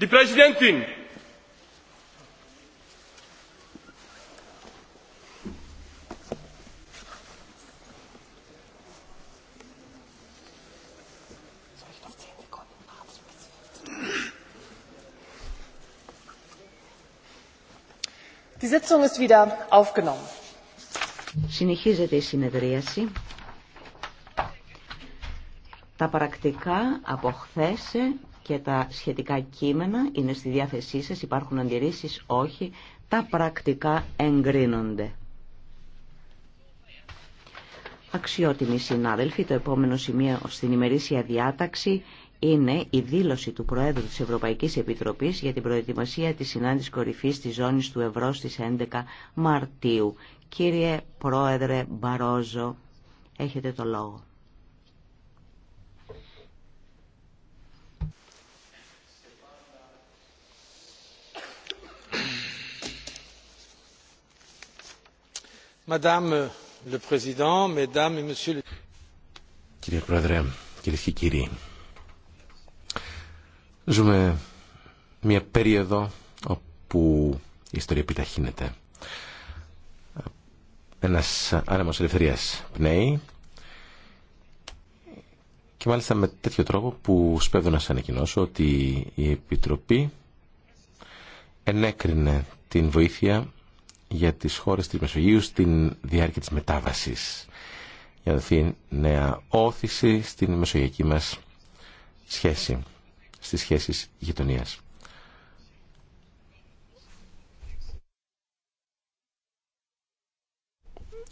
Die Präsidentin! Die Sitzung ist wieder aufgenommen. Συνεχίζεται η συνεδρίαση. Τα πρακτικά από χθες και τα σχετικά κείμενα είναι στη διάθεσή σας, υπάρχουν αντιρρήσεις, όχι, τα πρακτικά εγκρίνονται. Αξιότιμοι συνάδελφοι, το επόμενο σημείο στην ημερήσια διάταξη είναι η δήλωση του Προέδρου της Ευρωπαϊκής Επιτροπής για την προετοιμασία της συνάντησης κορυφής της ζώνης του ευρώ στις 11 Μαρτίου. Κύριε Πρόεδρε Μπαρόζο, έχετε το λόγο. Κύριε Πρόεδρε, κύριε και κύριοι, ζούμε μια περίοδο όπου η ιστορία επιταχύνεται. Ένας άνεμος ελευθερίας πνέει και μάλιστα με τέτοιο τρόπο που σπέβδω να σας ανακοινώσω ότι η Επιτροπή ενέκρινε την βοήθεια για τις χώρες της Μεσογείου στην διάρκεια της μετάβασης για να δοθεί νέα όθηση στην μεσογειακή μας σχέση, στις σχέσεις γειτονίας.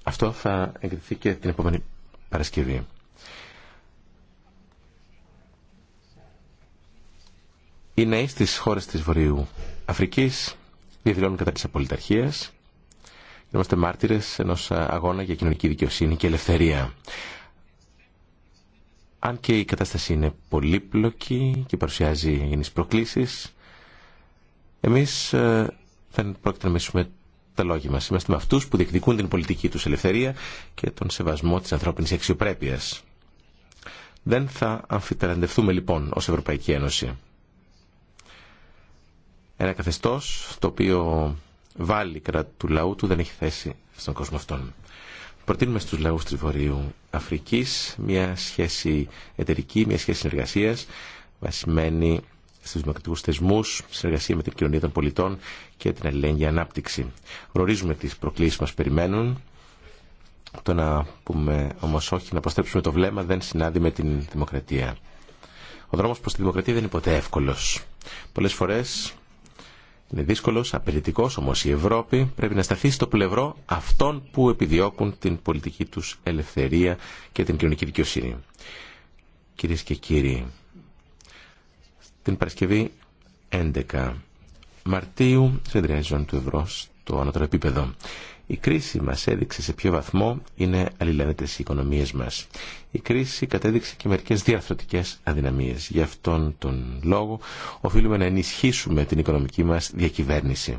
Αυτό θα εγκριθεί και την επόμενη Παρασκευή. Οι νέοι στις χώρες της Βορειού Αφρικής διαδηλώνουν κατά της απολυταρχίας Είμαστε μάρτυρες ενός αγώνα για κοινωνική δικαιοσύνη και ελευθερία. Αν και η κατάσταση είναι πολύπλοκη και παρουσιάζει γενείς προκλήσεις, εμείς ε, δεν πρόκειται να μισούμε τα λόγια μας. Είμαστε με αυτούς που διεκδικούν την πολιτική τους ελευθερία και τον σεβασμό της ανθρώπινης αξιοπρέπειας. Δεν θα αμφιταλαντευτούμε λοιπόν ως Ευρωπαϊκή Ένωση. Ένα καθεστώς το οποίο Βάλει κατά του λαού του δεν έχει θέση στον κόσμο αυτόν. Προτείνουμε στους λαούς της Βορείου Αφρικής μια σχέση εταιρική, μια σχέση συνεργασίας βασισμένη στους δημοκρατικούς θεσμούς, συνεργασία με την κοινωνία των πολιτών και την αλληλέγγυη ανάπτυξη. Γνωρίζουμε τις προκλήσεις που μας περιμένουν. Το να πούμε όμως όχι, να προστρέψουμε το βλέμμα δεν συνάδει με την δημοκρατία. Ο δρόμος προς τη δημοκρατία δεν είναι ποτέ εύκολος. Πολλές φορές είναι δύσκολο, απαιτητικό, όμω η Ευρώπη πρέπει να σταθεί στο πλευρό αυτών που επιδιώκουν την πολιτική του ελευθερία και την κοινωνική δικαιοσύνη. Κυρίε και κύριοι, την Παρασκευή 11 Μαρτίου συνεδριάζει του Ευρώ στο ανώτερο επίπεδο. Η κρίση μας έδειξε σε ποιο βαθμό είναι αλληλένετες οι οικονομίες μας. Η κρίση κατέδειξε και μερικές διαρθρωτικές αδυναμίες. Γι' αυτόν τον λόγο οφείλουμε να ενισχύσουμε την οικονομική μας διακυβέρνηση.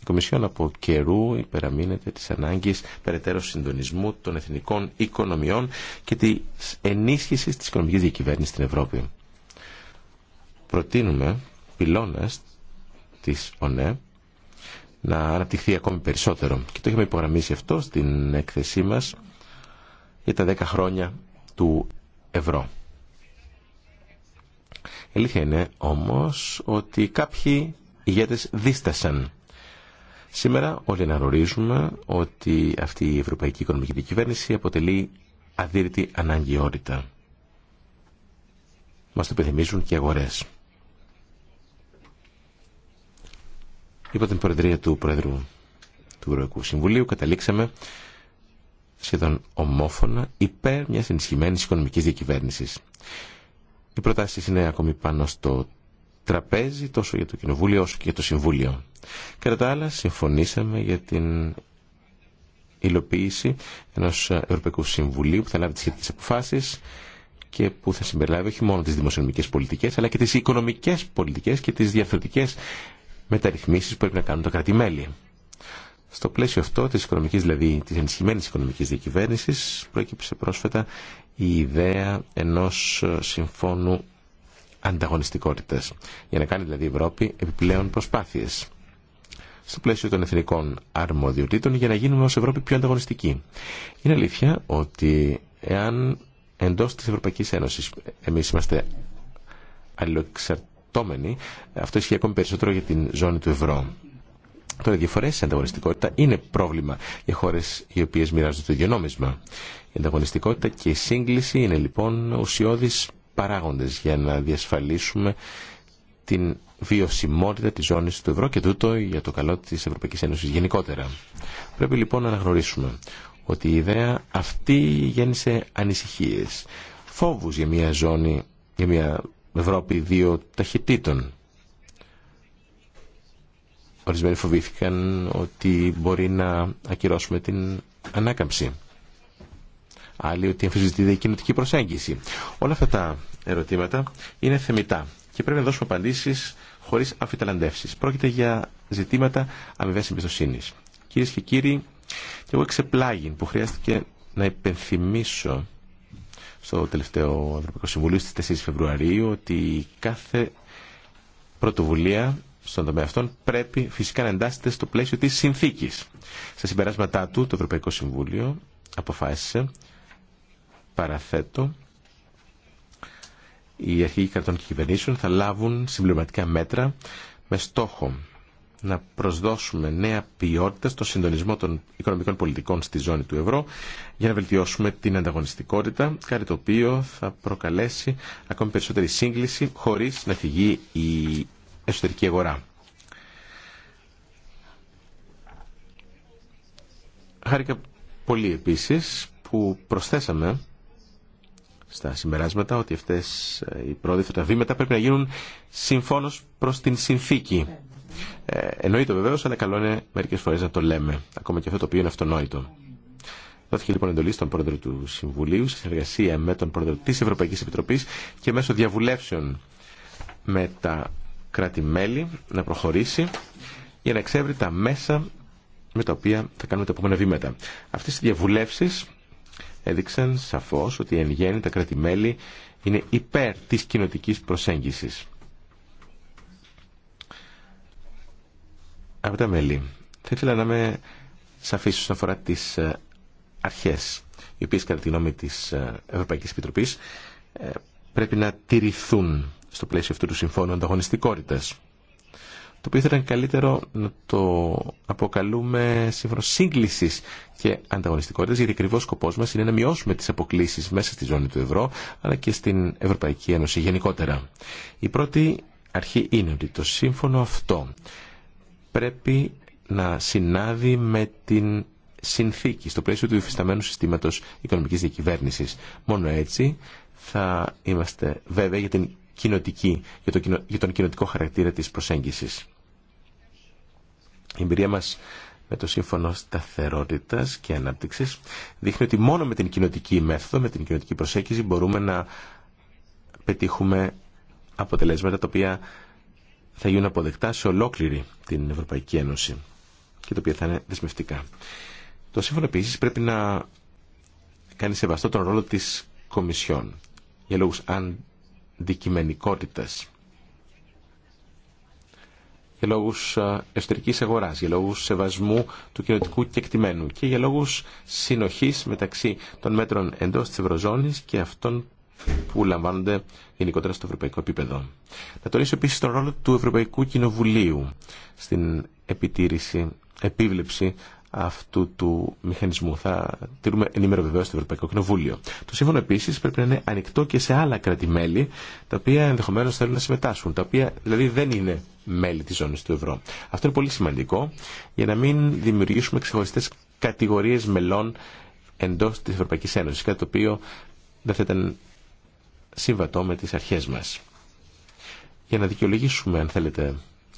Η Κομισιόν από καιρού υπεραμείνεται της ανάγκης περαιτέρω συντονισμού των εθνικών οικονομιών και της ενίσχυσης της οικονομικής διακυβέρνησης στην Ευρώπη. Προτείνουμε πυλώνας της ΟΝΕ να αναπτυχθεί ακόμη περισσότερο. Και το είχαμε υπογραμμίσει αυτό στην έκθεσή μας για τα δέκα χρόνια του ευρώ. Η είναι όμως ότι κάποιοι ηγέτες δίστασαν. Σήμερα όλοι αναγνωρίζουμε ότι αυτή η Ευρωπαϊκή Οικονομική Διακυβέρνηση αποτελεί αδύρυτη αναγκαιότητα. Μας το επιθυμίζουν και αγορές. Υπό την Προεδρία του Πρόεδρου του Ευρωπαϊκού Συμβουλίου καταλήξαμε σχεδόν ομόφωνα υπέρ μια ενισχυμένη οικονομική διακυβέρνηση. Οι προτάσει είναι ακόμη πάνω στο τραπέζι τόσο για το Κοινοβούλιο όσο και για το Συμβούλιο. Κατά τα άλλα συμφωνήσαμε για την υλοποίηση ενό Ευρωπαϊκού Συμβουλίου που θα λάβει τι σχετικέ αποφάσεις και που θα συμπεριλάβει όχι μόνο τι δημοσιονομικέ πολιτικέ, αλλά και τι οικονομικέ πολιτικέ και τι διαφορετικέ μεταρρυθμίσει που πρέπει να κάνουν τα κράτη-μέλη. Στο πλαίσιο αυτό της οικονομικής, δηλαδή της ενισχυμένης οικονομικής διακυβέρνησης, προέκυψε πρόσφατα η ιδέα ενός συμφώνου ανταγωνιστικότητας, για να κάνει δηλαδή η Ευρώπη επιπλέον προσπάθειες στο πλαίσιο των εθνικών αρμοδιοτήτων για να γίνουμε ως Ευρώπη πιο ανταγωνιστική. Είναι αλήθεια ότι εάν εντός της Ευρωπαϊκής Ένωσης εμείς είμαστε αλληλοεξαρτητοί, αυτό ισχύει ακόμη περισσότερο για την ζώνη του ευρώ. Τώρα, οι διαφορέ στην ανταγωνιστικότητα είναι πρόβλημα για χώρε οι οποίε μοιράζονται το ίδιο νόμισμα. Η ανταγωνιστικότητα και η σύγκληση είναι λοιπόν ουσιώδει παράγοντε για να διασφαλίσουμε την βιωσιμότητα τη ζώνη του ευρώ και τούτο για το καλό τη Ευρωπαϊκή Ένωση γενικότερα. Πρέπει λοιπόν να αναγνωρίσουμε ότι η ιδέα αυτή γέννησε ανησυχίε, φόβου για μια ζώνη, για μια Ευρώπη δύο ταχυτήτων. Ορισμένοι φοβήθηκαν ότι μπορεί να ακυρώσουμε την ανάκαμψη. Άλλοι ότι αμφισβητείται η κοινωτική προσέγγιση. Όλα αυτά τα ερωτήματα είναι θεμητά και πρέπει να δώσουμε απαντήσεις χωρίς αφιταλαντεύσεις. Πρόκειται για ζητήματα αμοιβέ εμπιστοσύνη. Κυρίε και κύριοι, και εγώ εξεπλάγιν που χρειάστηκε να υπενθυμίσω στο τελευταίο Ευρωπαϊκό Συμβουλίο στις 4 Φεβρουαρίου ότι κάθε πρωτοβουλία στον τομέα αυτών πρέπει φυσικά να εντάσσεται στο πλαίσιο της συνθήκης. Στα συμπεράσματά του το Ευρωπαϊκό Συμβούλιο αποφάσισε, παραθέτω, οι αρχηγοί κρατών και κυβερνήσεων θα λάβουν συμπληρωματικά μέτρα με στόχο να προσδώσουμε νέα ποιότητα στο συντονισμό των οικονομικών πολιτικών στη ζώνη του ευρώ για να βελτιώσουμε την ανταγωνιστικότητα, κάτι το οποίο θα προκαλέσει ακόμη περισσότερη σύγκληση χωρίς να φυγεί η εσωτερική αγορά. Χάρηκα πολύ επίσης που προσθέσαμε στα συμπεράσματα ότι αυτές οι πρόοδοι, τα βήματα πρέπει να γίνουν συμφώνως προς την συνθήκη. Ε, εννοείται βεβαίω, αλλά καλό είναι μερικέ φορέ να το λέμε, ακόμα και αυτό το οποίο είναι αυτονόητο. Δόθηκε λοιπόν εντολή στον πρόεδρο του Συμβουλίου, σε συνεργασία με τον πρόεδρο τη Ευρωπαϊκή Επιτροπή και μέσω διαβουλεύσεων με τα κράτη-μέλη να προχωρήσει για να εξεύρει τα μέσα με τα οποία θα κάνουμε τα επόμενα βήματα. Αυτέ οι διαβουλεύσει έδειξαν σαφώ ότι εν γέννη τα κράτη-μέλη είναι υπέρ τη κοινοτική προσέγγιση. τα μέλη, θα ήθελα να είμαι σαφή όσον αφορά τι ε, αρχέ, οι οποίε κατά τη γνώμη τη ε, Ευρωπαϊκή Επιτροπής ε, πρέπει να τηρηθούν στο πλαίσιο αυτού του συμφώνου ανταγωνιστικότητα. το οποίο θα ήταν καλύτερο να το αποκαλούμε σύμφωνο σύγκληση και ανταγωνιστικότητα, γιατί ακριβώ σκοπό μα είναι να μειώσουμε τι αποκλήσει μέσα στη ζώνη του ευρώ, αλλά και στην Ευρωπαϊκή Ένωση γενικότερα. Η πρώτη αρχή είναι ότι το σύμφωνο αυτό πρέπει να συνάδει με την συνθήκη στο πλαίσιο του υφισταμένου συστήματος οικονομικής διακυβέρνησης. Μόνο έτσι θα είμαστε βέβαια για, την κοινοτική, για, τον κοινοτικό χαρακτήρα της προσέγγισης. Η εμπειρία μας με το Σύμφωνο Σταθερότητας και Ανάπτυξης δείχνει ότι μόνο με την κοινοτική μέθοδο, με την κοινοτική προσέγγιση μπορούμε να πετύχουμε αποτελέσματα τα οποία θα γίνουν αποδεκτά σε ολόκληρη την Ευρωπαϊκή Ένωση και το οποίο θα είναι δεσμευτικά. Το σύμφωνο επίση πρέπει να κάνει σεβαστό τον ρόλο τη Κομισιόν για λόγου αντικειμενικότητα, για λόγου εσωτερική αγορά, για λόγου σεβασμού του κοινωτικού κεκτημένου και για λόγου συνοχή μεταξύ των μέτρων εντό τη Ευρωζώνη και αυτών που λαμβάνονται γενικότερα στο ευρωπαϊκό επίπεδο. Θα τονίσω επίση τον ρόλο του Ευρωπαϊκού Κοινοβουλίου στην επιτήρηση, επίβλεψη αυτού του μηχανισμού. Θα τηρούμε ενήμερο βεβαίω στο Ευρωπαϊκό Κοινοβούλιο. Το σύμφωνο επίση πρέπει να είναι ανοιχτό και σε άλλα κράτη-μέλη, τα οποία ενδεχομένω θέλουν να συμμετάσχουν, τα οποία δηλαδή δεν είναι μέλη τη ζώνη του ευρώ. Αυτό είναι πολύ σημαντικό για να μην δημιουργήσουμε ξεχωριστέ κατηγορίε μελών εντό τη Ευρωπαϊκή Ένωση, κάτι το οποίο δεν θα ήταν συμβατό με τις αρχές μας. Για να δικαιολογήσουμε, αν θέλετε,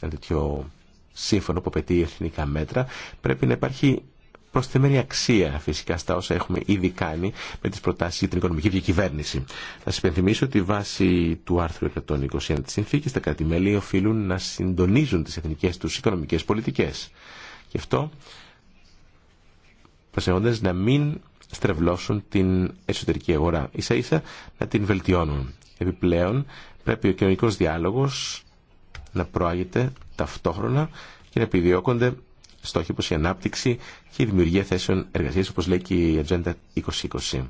ένα τέτοιο σύμφωνο που απαιτεί εθνικά μέτρα, πρέπει να υπάρχει προσθεμένη αξία φυσικά στα όσα έχουμε ήδη κάνει με τις προτάσεις για την οικονομική διακυβέρνηση. Να σας υπενθυμίσω ότι βάσει του άρθρου 121 της συνθήκης τα κράτη-μέλη οφείλουν να συντονίζουν τις εθνικές τους οικονομικές πολιτικές. Γι' αυτό προσεγόντας να μην στρεβλώσουν την εσωτερική αγορά. Ίσα ίσα να την βελτιώνουν. Επιπλέον πρέπει ο κοινωνικό διάλογος να προάγεται ταυτόχρονα και να επιδιώκονται στόχοι όπως η ανάπτυξη και η δημιουργία θέσεων εργασίας όπως λέει και η Agenda 2020.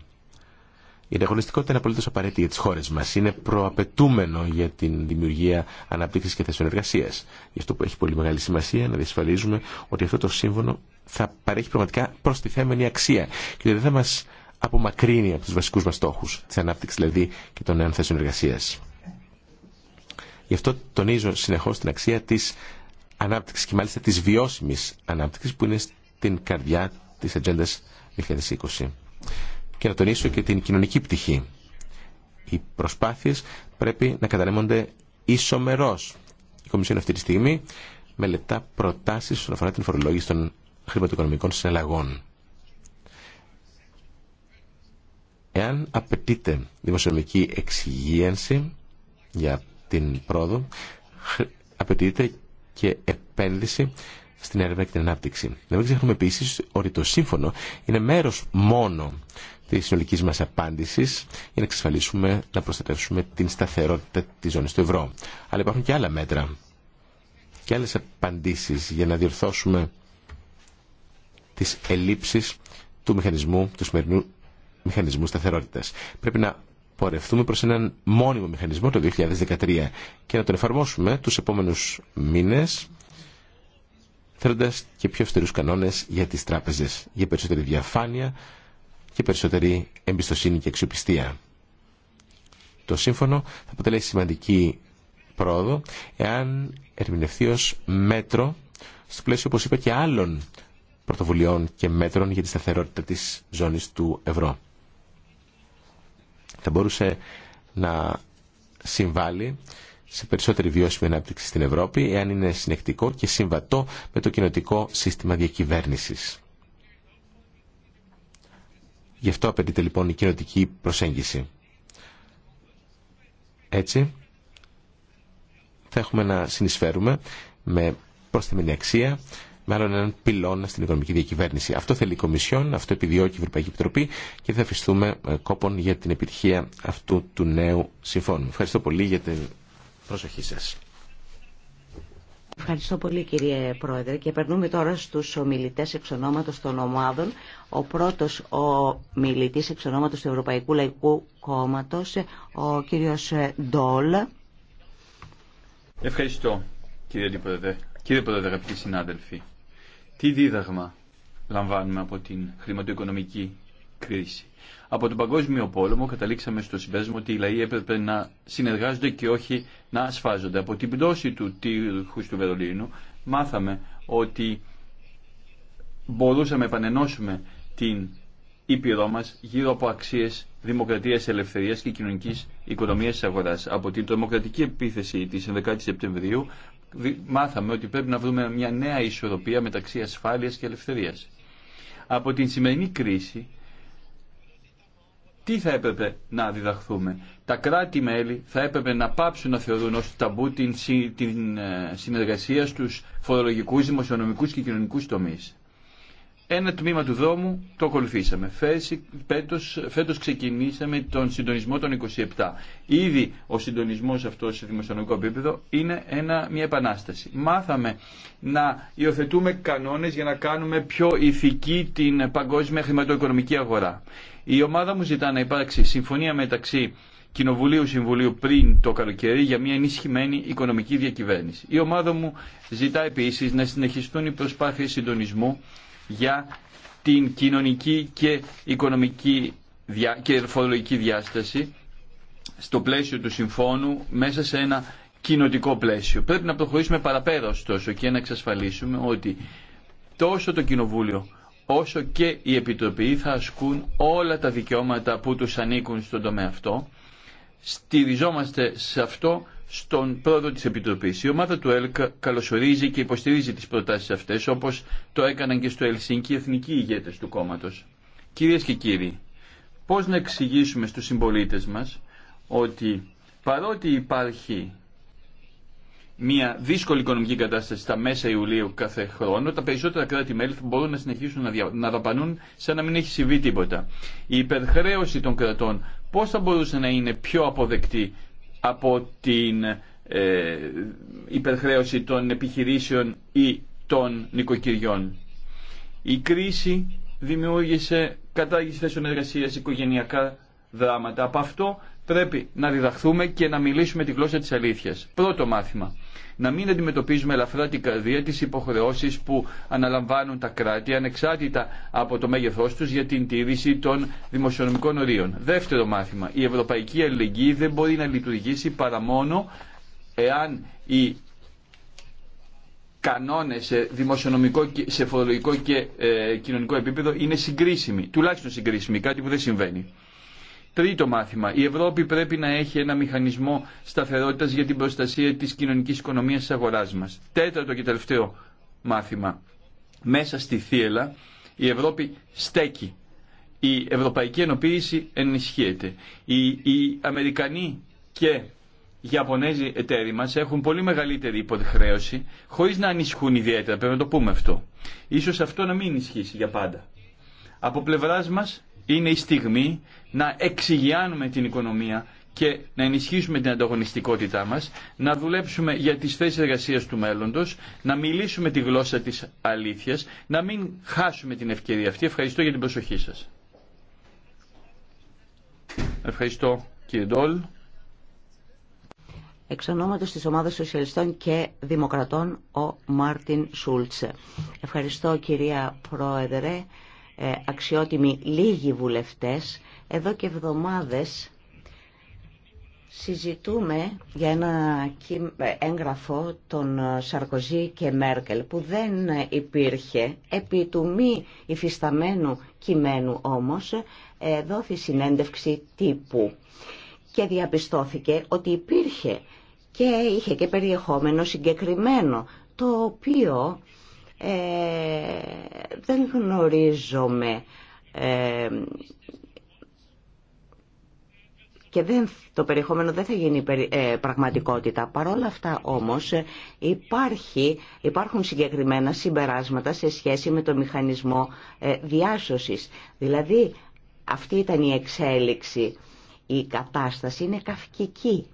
Η ανταγωνιστικότητα είναι απολύτω απαραίτητη για τι χώρε μα. Είναι προαπαιτούμενο για την δημιουργία αναπτύξη και θέσεων εργασία. Γι' αυτό που έχει πολύ μεγάλη σημασία να διασφαλίζουμε ότι αυτό το σύμφωνο θα παρέχει πραγματικά προστιθέμενη αξία και δεν θα μα απομακρύνει από του βασικού μα στόχου, τη ανάπτυξη δηλαδή και των νέων θέσεων εργασία. Γι' αυτό τονίζω συνεχώ την αξία τη ανάπτυξη και μάλιστα τη βιώσιμη ανάπτυξη που είναι στην καρδιά τη Ατζέντα 2020. Και να τονίσω και την κοινωνική πτυχή. Οι προσπάθειε πρέπει να κατανέμονται ισομερό. Η Κομισιόν αυτή τη στιγμή μελετά προτάσεις όσον αφορά την φορολόγηση των χρηματοοικονομικών συναλλαγών. Εάν απαιτείται δημοσιονομική εξυγίανση για την πρόοδο, απαιτείται και επένδυση στην έρευνα και την ανάπτυξη. Να μην ξεχνούμε επίση ότι το σύμφωνο είναι μέρο μόνο τη συνολική μα απάντηση για να εξασφαλίσουμε να προστατεύσουμε την σταθερότητα τη ζώνη του ευρώ. Αλλά υπάρχουν και άλλα μέτρα και άλλε απαντήσει για να διορθώσουμε της ελλείψης του μηχανισμού, του σημερινού μηχανισμού σταθερότητας. Πρέπει να πορευτούμε προς έναν μόνιμο μηχανισμό το 2013 και να τον εφαρμόσουμε τους επόμενους μήνες θέλοντας και πιο αυστηρούς κανόνες για τις τράπεζες, για περισσότερη διαφάνεια και περισσότερη εμπιστοσύνη και αξιοπιστία. Το σύμφωνο θα αποτελέσει σημαντική πρόοδο εάν ερμηνευθεί ως μέτρο στο πλαίσιο, όπως είπα, και άλλων πρωτοβουλειών και μέτρων για τη σταθερότητα της ζώνης του ευρώ. Θα μπορούσε να συμβάλλει σε περισσότερη βιώσιμη ανάπτυξη στην Ευρώπη, εάν είναι συνεκτικό και συμβατό με το κοινοτικό σύστημα διακυβέρνησης. Γι' αυτό απαιτείται λοιπόν η κοινοτική προσέγγιση. Έτσι, θα έχουμε να συνεισφέρουμε με προσθεμένη αξία μάλλον έναν πυλώνα στην οικονομική διακυβέρνηση. Αυτό θέλει η Κομισιόν, αυτό επιδιώκει η Ευρωπαϊκή Επιτροπή και θα αφιστούμε ε, κόπον για την επιτυχία αυτού του νέου συμφώνου. Ευχαριστώ πολύ για την προσοχή σα. Ευχαριστώ πολύ κύριε Πρόεδρε και περνούμε τώρα στους ομιλητές εξ των ομάδων. Ο πρώτος ομιλητής εξ ονόματος του Ευρωπαϊκού Λαϊκού Κόμματος, ο κύριος Ντόλ. Ευχαριστώ κύριε Πρόεδρε. Κύριε Πρόεδρε, αγαπητοί συνάδελφοι, τι δίδαγμα λαμβάνουμε από την χρηματοοικονομική κρίση. Από τον Παγκόσμιο Πόλεμο καταλήξαμε στο συμπέρασμα ότι οι λαοί έπρεπε να συνεργάζονται και όχι να ασφάζονται. Από την πτώση του τείχου του Βερολίνου μάθαμε ότι μπορούσαμε να επανενώσουμε την ήπειρό μα γύρω από αξίε δημοκρατία, ελευθερία και κοινωνική οικονομία τη αγορά. Από την τρομοκρατική επίθεση τη 11η Σεπτεμβρίου μάθαμε ότι πρέπει να βρούμε μια νέα ισορροπία μεταξύ ασφάλειας και ελευθερίας. Από την σημερινή κρίση, τι θα έπρεπε να διδαχθούμε. Τα κράτη-μέλη θα έπρεπε να πάψουν να θεωρούν ως ταμπού την, ε, συνεργασία στους φορολογικούς, δημοσιονομικούς και κοινωνικούς τομείς. Ένα τμήμα του δρόμου το ακολουθήσαμε. Φέτο ξεκινήσαμε τον συντονισμό των 27. Ήδη ο συντονισμός αυτός σε δημοσιονομικό επίπεδο είναι ένα, μια επανάσταση. Μάθαμε να υιοθετούμε κανόνες για να κάνουμε πιο ηθική την παγκόσμια χρηματοοικονομική αγορά. Η ομάδα μου ζητά να υπάρξει συμφωνία μεταξύ Κοινοβουλίου Συμβουλίου πριν το καλοκαίρι για μια ενισχυμένη οικονομική διακυβέρνηση. Η ομάδα μου ζητά επίσης να συνεχιστούν οι προσπάθειες συντονισμού για την κοινωνική και οικονομική και φορολογική διάσταση στο πλαίσιο του συμφώνου μέσα σε ένα κοινοτικό πλαίσιο. Πρέπει να προχωρήσουμε παραπέρα ωστόσο και να εξασφαλίσουμε ότι τόσο το Κοινοβούλιο όσο και οι Επιτροπή θα ασκούν όλα τα δικαιώματα που τους ανήκουν στον τομέα αυτό. Στηριζόμαστε σε αυτό στον πρόεδρο της Επιτροπής. Η ομάδα του ΕΛΚ καλωσορίζει και υποστηρίζει τις προτάσεις αυτές, όπως το έκαναν και στο Ελσίνκι οι εθνικοί ηγέτες του κόμματος. Κυρίες και κύριοι, πώς να εξηγήσουμε στους συμπολίτες μας ότι παρότι υπάρχει μια δύσκολη οικονομική κατάσταση στα μέσα Ιουλίου κάθε χρόνο, τα περισσότερα κράτη-μέλη θα μπορούν να συνεχίσουν να, δια... να δαπανούν σαν να μην έχει συμβεί τίποτα. Η υπερχρέωση των κρατών πώ θα μπορούσε να είναι πιο αποδεκτή από την ε, υπερχρέωση των επιχειρήσεων ή των νοικοκυριών. Η κρίση δημιούργησε κατάργηση θέσεων εργασίας, οικογενειακά δράματα. Από αυτό πρέπει να διδαχθούμε και να μιλήσουμε τη γλώσσα της αλήθειας. Πρώτο μάθημα. Να μην αντιμετωπίζουμε ελαφρά την καρδία τις υποχρεώσεις που αναλαμβάνουν τα κράτη ανεξάρτητα από το μέγεθός τους για την τήρηση των δημοσιονομικών ορίων. Δεύτερο μάθημα. Η ευρωπαϊκή αλληλεγγύη δεν μπορεί να λειτουργήσει παρά μόνο εάν οι κανόνες σε δημοσιονομικό, σε φορολογικό και ε, κοινωνικό επίπεδο είναι συγκρίσιμοι, τουλάχιστον συγκρίσιμοι, κάτι που δεν συμβαίνει. Τρίτο μάθημα. Η Ευρώπη πρέπει να έχει ένα μηχανισμό σταθερότητα για την προστασία τη κοινωνική οικονομία τη αγορά μα. Τέταρτο και τελευταίο μάθημα. Μέσα στη θύελα η Ευρώπη στέκει. Η ευρωπαϊκή ενοποίηση ενισχύεται. Οι, οι Αμερικανοί και οι Ιαπωνέζοι εταίροι μα έχουν πολύ μεγαλύτερη υποχρέωση χωρί να ανισχούν ιδιαίτερα. Πρέπει να το πούμε αυτό. σω αυτό να μην ισχύσει για πάντα. Από πλευρά μα είναι η στιγμή να εξηγιάνουμε την οικονομία και να ενισχύσουμε την ανταγωνιστικότητά μας, να δουλέψουμε για τις θέσεις εργασίας του μέλλοντος, να μιλήσουμε τη γλώσσα της αλήθειας, να μην χάσουμε την ευκαιρία αυτή. Ευχαριστώ για την προσοχή σας. Ευχαριστώ κύριε Ντόλ. Εξ ονόματος της Ομάδας Σοσιαλιστών και Δημοκρατών, ο Μάρτιν Σούλτσε. Ευχαριστώ κυρία Πρόεδρε. Ε, αξιότιμοι λίγοι βουλευτές, εδώ και εβδομάδες συζητούμε για ένα έγγραφο των ε, Σαρκοζή και Μέρκελ που δεν υπήρχε επί του μη υφισταμένου κειμένου όμως ε, δόθη συνέντευξη τύπου και διαπιστώθηκε ότι υπήρχε και είχε και περιεχόμενο συγκεκριμένο το οποίο ε, δεν γνωρίζομαι ε, και δεν, το περιεχόμενο δεν θα γίνει ε, πραγματικότητα. όλα αυτά όμως υπάρχει, υπάρχουν συγκεκριμένα συμπεράσματα σε σχέση με το μηχανισμό διάσωσης. Δηλαδή αυτή ήταν η εξέλιξη. Η κατάσταση είναι καυκική.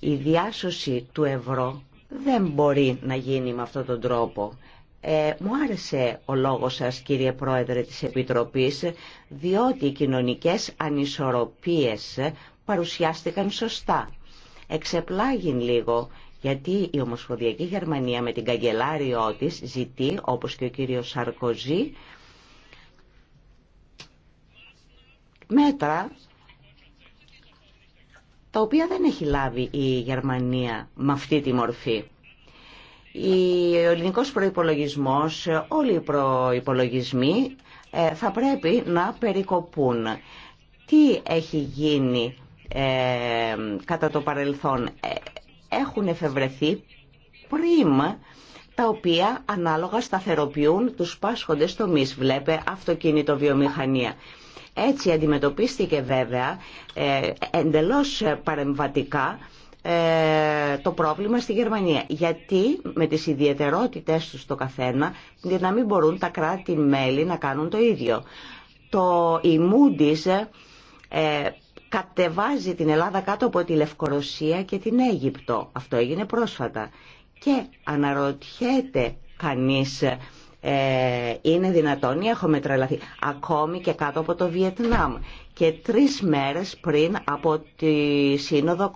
Η διάσωση του ευρώ δεν μπορεί να γίνει με αυτόν τον τρόπο. Ε, μου άρεσε ο λόγος σας κύριε Πρόεδρε της Επιτροπής διότι οι κοινωνικές ανισορροπίες παρουσιάστηκαν σωστά. Εξεπλάγει λίγο γιατί η Ομοσπονδιακή Γερμανία με την καγκελάριό της ζητεί όπως και ο κύριος Σαρκοζή μέτρα τα οποία δεν έχει λάβει η Γερμανία με αυτή τη μορφή. Ο ελληνικός προϋπολογισμός, όλοι οι προϋπολογισμοί ε, θα πρέπει να περικοπούν. Τι έχει γίνει ε, κατά το παρελθόν. Ε, έχουν εφευρεθεί πριν τα οποία ανάλογα σταθεροποιούν τους πάσχοντες τομείς. Βλέπε αυτοκίνητο βιομηχανία. Έτσι αντιμετωπίστηκε βέβαια ε, εντελώς παρεμβατικά ε, το πρόβλημα στη Γερμανία. Γιατί με τις ιδιαιτερότητες τους το καθένα να μην μπορούν τα κράτη-μέλη να κάνουν το ίδιο. Το, η ε, κατεβάζει την Ελλάδα κάτω από τη Λευκορωσία και την Αίγυπτο. Αυτό έγινε πρόσφατα. Και αναρωτιέται κανείς ε, είναι δυνατόν ή έχουμε τρελαθεί ακόμη και κάτω από το Βιετνάμ και τρεις μέρες πριν από τη Σύνοδο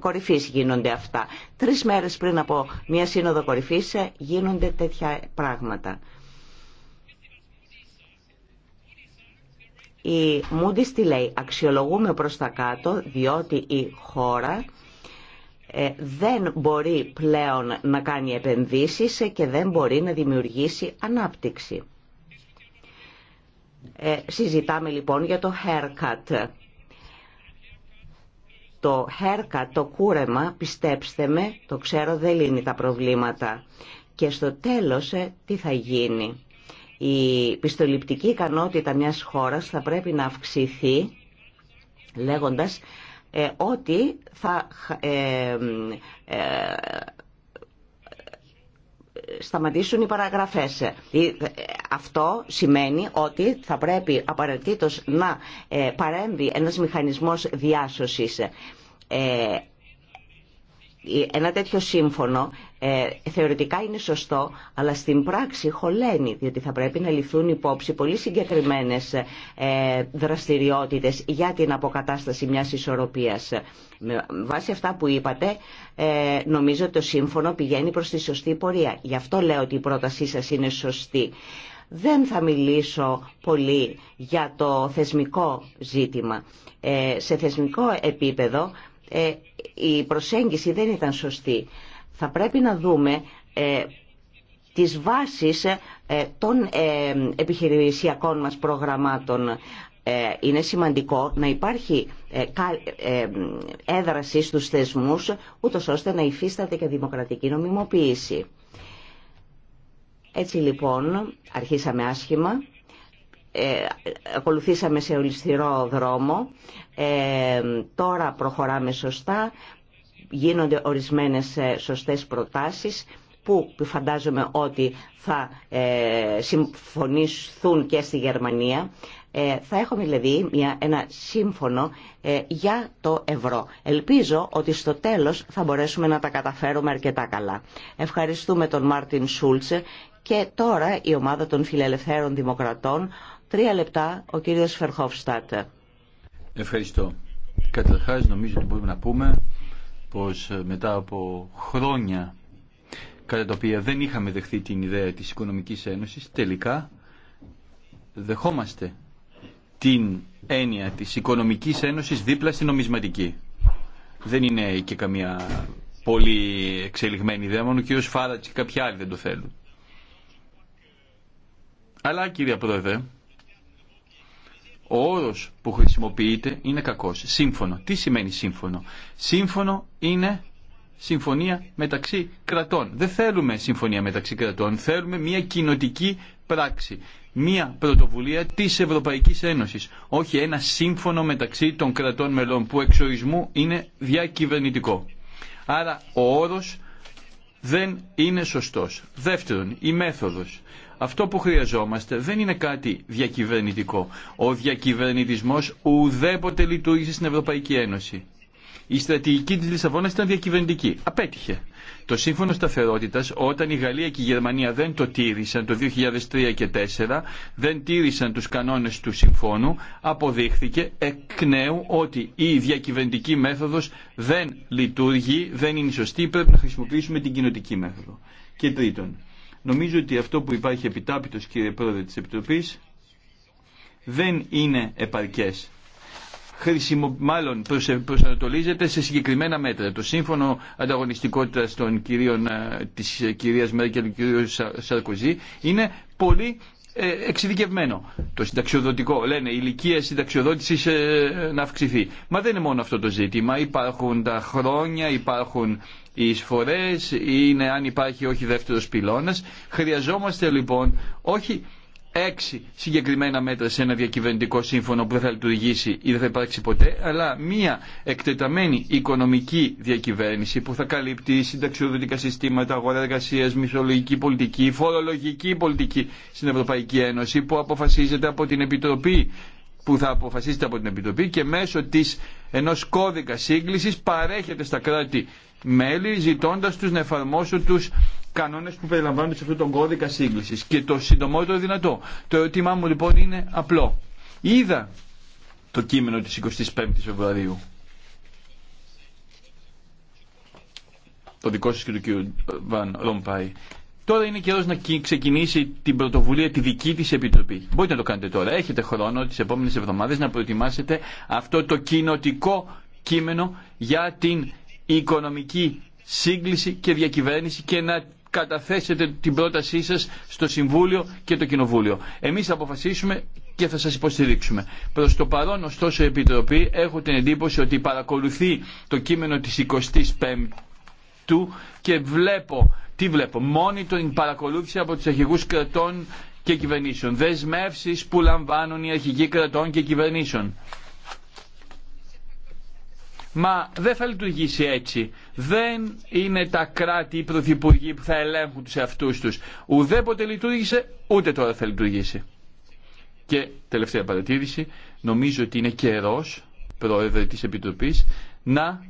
Κορυφής γίνονται αυτά. Τρεις μέρες πριν από μια Σύνοδο Κορυφής ε, γίνονται τέτοια πράγματα. Η Μούντις τι λέει, αξιολογούμε προς τα κάτω διότι η χώρα ε, δεν μπορεί πλέον να κάνει επενδύσεις και δεν μπορεί να δημιουργήσει ανάπτυξη. Ε, συζητάμε λοιπόν για το haircut. Το haircut, το κούρεμα, πιστέψτε με, το ξέρω δεν λύνει τα προβλήματα. Και στο τέλος ε, τι θα γίνει. Η πιστοληπτική ικανότητα μιας χώρας θα πρέπει να αυξηθεί λέγοντας ε, ότι θα ε, ε, σταματήσουν οι παραγραφές. Αυτό σημαίνει ότι θα πρέπει απαραίτητος να παρέμβει ένας μηχανισμός διάσωσης. Ένα τέτοιο σύμφωνο ε, θεωρητικά είναι σωστό, αλλά στην πράξη χωλαίνει, διότι θα πρέπει να ληφθούν υπόψη πολύ συγκεκριμένες ε, δραστηριότητες για την αποκατάσταση μιας ισορροπίας. Με βάση αυτά που είπατε, ε, νομίζω ότι το σύμφωνο πηγαίνει προς τη σωστή πορεία. Γι' αυτό λέω ότι η πρότασή σας είναι σωστή. Δεν θα μιλήσω πολύ για το θεσμικό ζήτημα. Σε θεσμικό επίπεδο η προσέγγιση δεν ήταν σωστή. Θα πρέπει να δούμε ε, τις βάσεις ε, των ε, επιχειρησιακών μας προγραμμάτων. Είναι σημαντικό να υπάρχει έδραση στους θεσμούς, ούτως ώστε να υφίσταται και δημοκρατική νομιμοποίηση. Έτσι λοιπόν αρχίσαμε άσχημα, ε, ακολουθήσαμε σε ολισθηρό δρόμο, τώρα προχωράμε σωστά, γίνονται ορισμένες ε, σωστές προτάσεις που φαντάζομαι ότι θα ε, συμφωνήσουν και στη Γερμανία. Ε, θα έχουμε δηλαδή μια, ένα σύμφωνο για το ευρώ. Ελπίζω ότι στο τέλος θα μπορέσουμε να τα καταφέρουμε αρκετά καλά. Ευχαριστούμε τον Μάρτιν Σούλτσε και τώρα η ομάδα των φιλελευθέρων δημοκρατών. Τρία λεπτά ο κύριος Φερχόφστατ. Ευχαριστώ. Καταρχάς νομίζω ότι μπορούμε να πούμε πως ε, μετά από χρόνια κατά τα οποία δεν είχαμε δεχθεί την ιδέα της Οικονομικής Ένωσης, τελικά δεχόμαστε την έννοια της Οικονομικής Ένωσης δίπλα στην νομισματική. Δεν είναι και καμία πολύ εξελιγμένη ιδέα, μόνο ο ως Φάρατς και κάποιοι άλλοι δεν το θέλουν. Αλλά κύριε Πρόεδρε, ο όρος που χρησιμοποιείται είναι κακός. Σύμφωνο. Τι σημαίνει σύμφωνο. Σύμφωνο είναι συμφωνία μεταξύ κρατών. Δεν θέλουμε συμφωνία μεταξύ κρατών. Θέλουμε μια κοινοτική πράξη. Μια πρωτοβουλία τη Ευρωπαϊκή Ένωση. Όχι ένα σύμφωνο μεταξύ των κρατών μελών που εξορισμού είναι διακυβερνητικό. Άρα ο όρο δεν είναι σωστός. Δεύτερον, η μέθοδος. Αυτό που χρειαζόμαστε δεν είναι κάτι διακυβερνητικό. Ο διακυβερνητισμό ουδέποτε λειτουργήσε στην Ευρωπαϊκή Ένωση. Η στρατηγική τη Λισαβόνα ήταν διακυβερνητική. Απέτυχε. Το σύμφωνο σταθερότητα, όταν η Γαλλία και η Γερμανία δεν το τήρησαν το 2003 και 2004, δεν τήρησαν του κανόνε του συμφώνου, αποδείχθηκε εκ νέου ότι η διακυβερνητική μέθοδο δεν λειτουργεί, δεν είναι σωστή, πρέπει να χρησιμοποιήσουμε την κοινοτική μέθοδο. Και τρίτον, Νομίζω ότι αυτό που υπάρχει επιτάπητος κύριε Πρόεδρε της Επιτροπής δεν είναι επαρκές. Χρησιμο, μάλλον προσανατολίζεται σε συγκεκριμένα μέτρα. Το σύμφωνο ανταγωνιστικότητας των κυρίων, ε, της κυρίας Μέρκελ και του κυρίου Σαρκοζή είναι πολύ ε, εξειδικευμένο. Το συνταξιοδοτικό, λένε, η ηλικία συνταξιοδότηση ε, να αυξηθεί. Μα δεν είναι μόνο αυτό το ζήτημα. Υπάρχουν τα χρόνια, υπάρχουν οι εισφορές είναι αν υπάρχει όχι δεύτερος πυλώνας. Χρειαζόμαστε λοιπόν όχι έξι συγκεκριμένα μέτρα σε ένα διακυβερνητικό σύμφωνο που δεν θα λειτουργήσει ή δεν θα υπάρξει ποτέ, αλλά μία εκτεταμένη οικονομική διακυβέρνηση που θα καλύπτει συνταξιοδοτικά συστήματα, αγορά εργασία, μισολογική πολιτική, φορολογική πολιτική στην Ευρωπαϊκή Ένωση που αποφασίζεται από την Επιτροπή που θα αποφασίζεται από την Επιτροπή και μέσω της ενός κώδικα σύγκλησης παρέχεται στα κράτη μέλη ζητώντας τους να εφαρμόσουν τους κανόνες που περιλαμβάνονται σε αυτόν τον κώδικα σύγκλησης και το συντομότερο δυνατό. Το ερώτημά μου λοιπόν είναι απλό. Είδα το κείμενο της 25ης Φεβρουαρίου. Το δικό σας και του κ. Βαν Ρομπάι. Τώρα είναι καιρός να ξεκινήσει την πρωτοβουλία τη δική της Επιτροπή. Μπορείτε να το κάνετε τώρα. Έχετε χρόνο τις επόμενες εβδομάδες να προετοιμάσετε αυτό το κοινοτικό κείμενο για την η οικονομική σύγκληση και διακυβέρνηση και να καταθέσετε την πρότασή σας στο Συμβούλιο και το Κοινοβούλιο. Εμείς θα αποφασίσουμε και θα σας υποστηρίξουμε. Προς το παρόν, ωστόσο, η Επιτροπή έχω την εντύπωση ότι παρακολουθεί το κείμενο της 25ης του και βλέπω, τι βλέπω, μόνη την παρακολούθηση από τους αρχηγούς κρατών και κυβερνήσεων. Δεσμεύσεις που λαμβάνουν οι αρχηγοί κρατών και κυβερνήσεων. Μα δεν θα λειτουργήσει έτσι. Δεν είναι τα κράτη ή πρωθυπουργοί που θα ελέγχουν τους εαυτούς τους. Ουδέποτε λειτουργήσε, ούτε τώρα θα λειτουργήσει. Και τελευταία παρατήρηση, νομίζω ότι είναι καιρός, πρόεδρε της Επιτροπής, να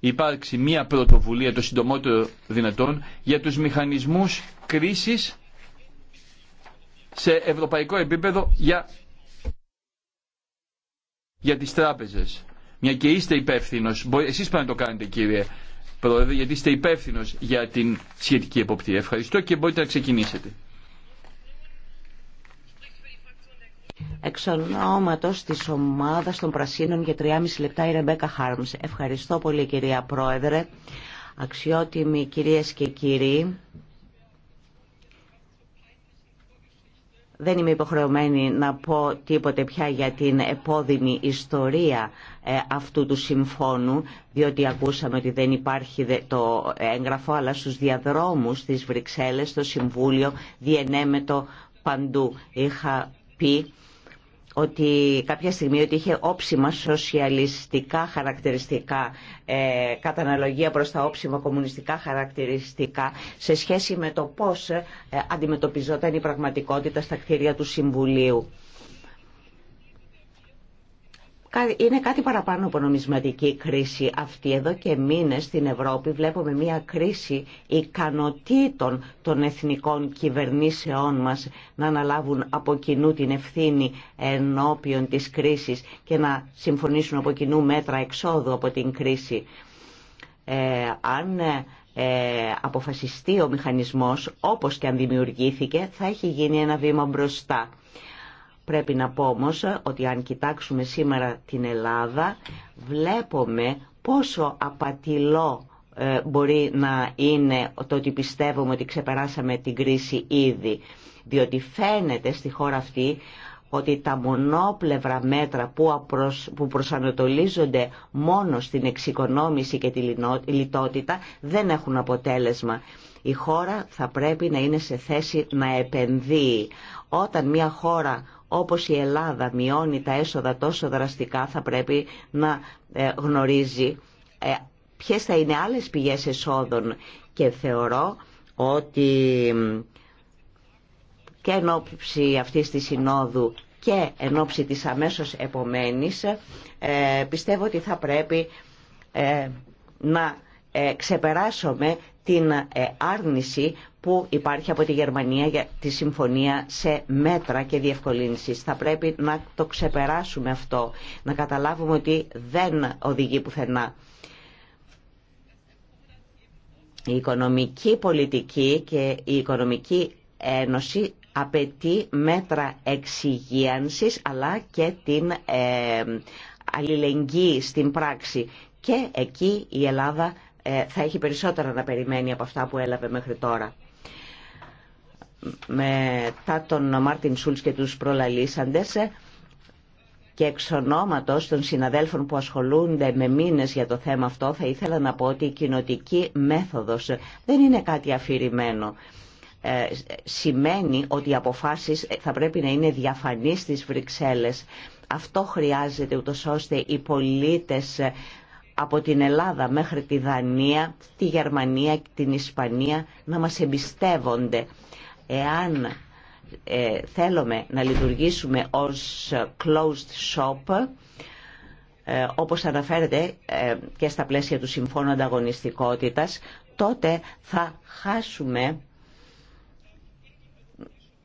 υπάρξει μία πρωτοβουλία το συντομότερο δυνατόν για τους μηχανισμούς κρίσης σε ευρωπαϊκό επίπεδο για, για τις τράπεζες μια και είστε υπεύθυνο, εσεί πρέπει να το κάνετε κύριε Πρόεδρε, γιατί είστε υπεύθυνο για την σχετική εποπτεία. Ευχαριστώ και μπορείτε να ξεκινήσετε. Εξ ονόματο της ομάδα των Πρασίνων για 3,5 λεπτά η Ρεμπέκα Χάρμ. Ευχαριστώ πολύ κυρία Πρόεδρε, αξιότιμοι κυρίες και κύριοι. Δεν είμαι υποχρεωμένη να πω τίποτε πια για την επώδυνη ιστορία ε, αυτού του συμφώνου, διότι ακούσαμε ότι δεν υπάρχει το έγγραφο, αλλά στους διαδρόμους της Βρυξέλλες το Συμβούλιο διενέμετο παντού. Είχα πει ότι κάποια στιγμή ότι είχε όψιμα σοσιαλιστικά χαρακτηριστικά, ε, κατά αναλογία προς τα όψιμα κομμουνιστικά χαρακτηριστικά, σε σχέση με το πώς ε, αντιμετωπιζόταν η πραγματικότητα στα κτίρια του Συμβουλίου είναι κάτι παραπάνω από νομισματική κρίση αυτή. Εδώ και μήνες στην Ευρώπη βλέπουμε μια κρίση ικανοτήτων των εθνικών κυβερνήσεών μας να αναλάβουν από κοινού την ευθύνη ενώπιον της κρίσης και να συμφωνήσουν από κοινού μέτρα εξόδου από την κρίση. Ε, αν ε, αποφασιστεί ο μηχανισμός, όπως και αν δημιουργήθηκε, θα έχει γίνει ένα βήμα μπροστά. Πρέπει να πω όμως ότι αν κοιτάξουμε σήμερα την Ελλάδα βλέπουμε πόσο απατηλό ε, μπορεί να είναι το ότι πιστεύουμε ότι ξεπεράσαμε την κρίση ήδη. Διότι φαίνεται στη χώρα αυτή ότι τα μονόπλευρα μέτρα που προσανατολίζονται μόνο στην εξοικονόμηση και τη λιτότητα δεν έχουν αποτέλεσμα. Η χώρα θα πρέπει να είναι σε θέση να επενδύει. Όταν μια χώρα όπως η Ελλάδα μειώνει τα έσοδα τόσο δραστικά θα πρέπει να ε, γνωρίζει ε, ποιες θα είναι άλλες πηγές εσόδων και θεωρώ ότι και εν ώψη αυτής της συνόδου και εν ώψη της αμέσως επομένης ε, πιστεύω ότι θα πρέπει να ξεπεράσουμε την ε, άρνηση που υπάρχει από τη Γερμανία για τη συμφωνία σε μέτρα και διευκολύνσεις. Θα πρέπει να το ξεπεράσουμε αυτό, να καταλάβουμε ότι δεν οδηγεί πουθενά. Η οικονομική πολιτική και η οικονομική ένωση απαιτεί μέτρα εξυγίανσης αλλά και την ε, αλληλεγγύη στην πράξη. Και εκεί η Ελλάδα ε, θα έχει περισσότερα να περιμένει από αυτά που έλαβε μέχρι τώρα. Μετά τον Μάρτιν Σούλτς και τους προλαλήσαντες ε, και εξ ονόματος των συναδέλφων που ασχολούνται με μήνες για το θέμα αυτό θα ήθελα να πω ότι η κοινοτική μέθοδος δεν είναι κάτι αφηρημένο. Ε, σημαίνει ότι οι αποφάσεις θα πρέπει να είναι διαφανείς στις Βρυξέλλες. Αυτό χρειάζεται ούτως ώστε οι πολίτες από την Ελλάδα μέχρι τη Δανία, τη Γερμανία, και την Ισπανία να μας εμπιστεύονται. Εάν ε, θέλουμε να λειτουργήσουμε ως closed shop, ε, όπως αναφέρεται ε, και στα πλαίσια του Συμφώνου Ανταγωνιστικότητας, τότε θα χάσουμε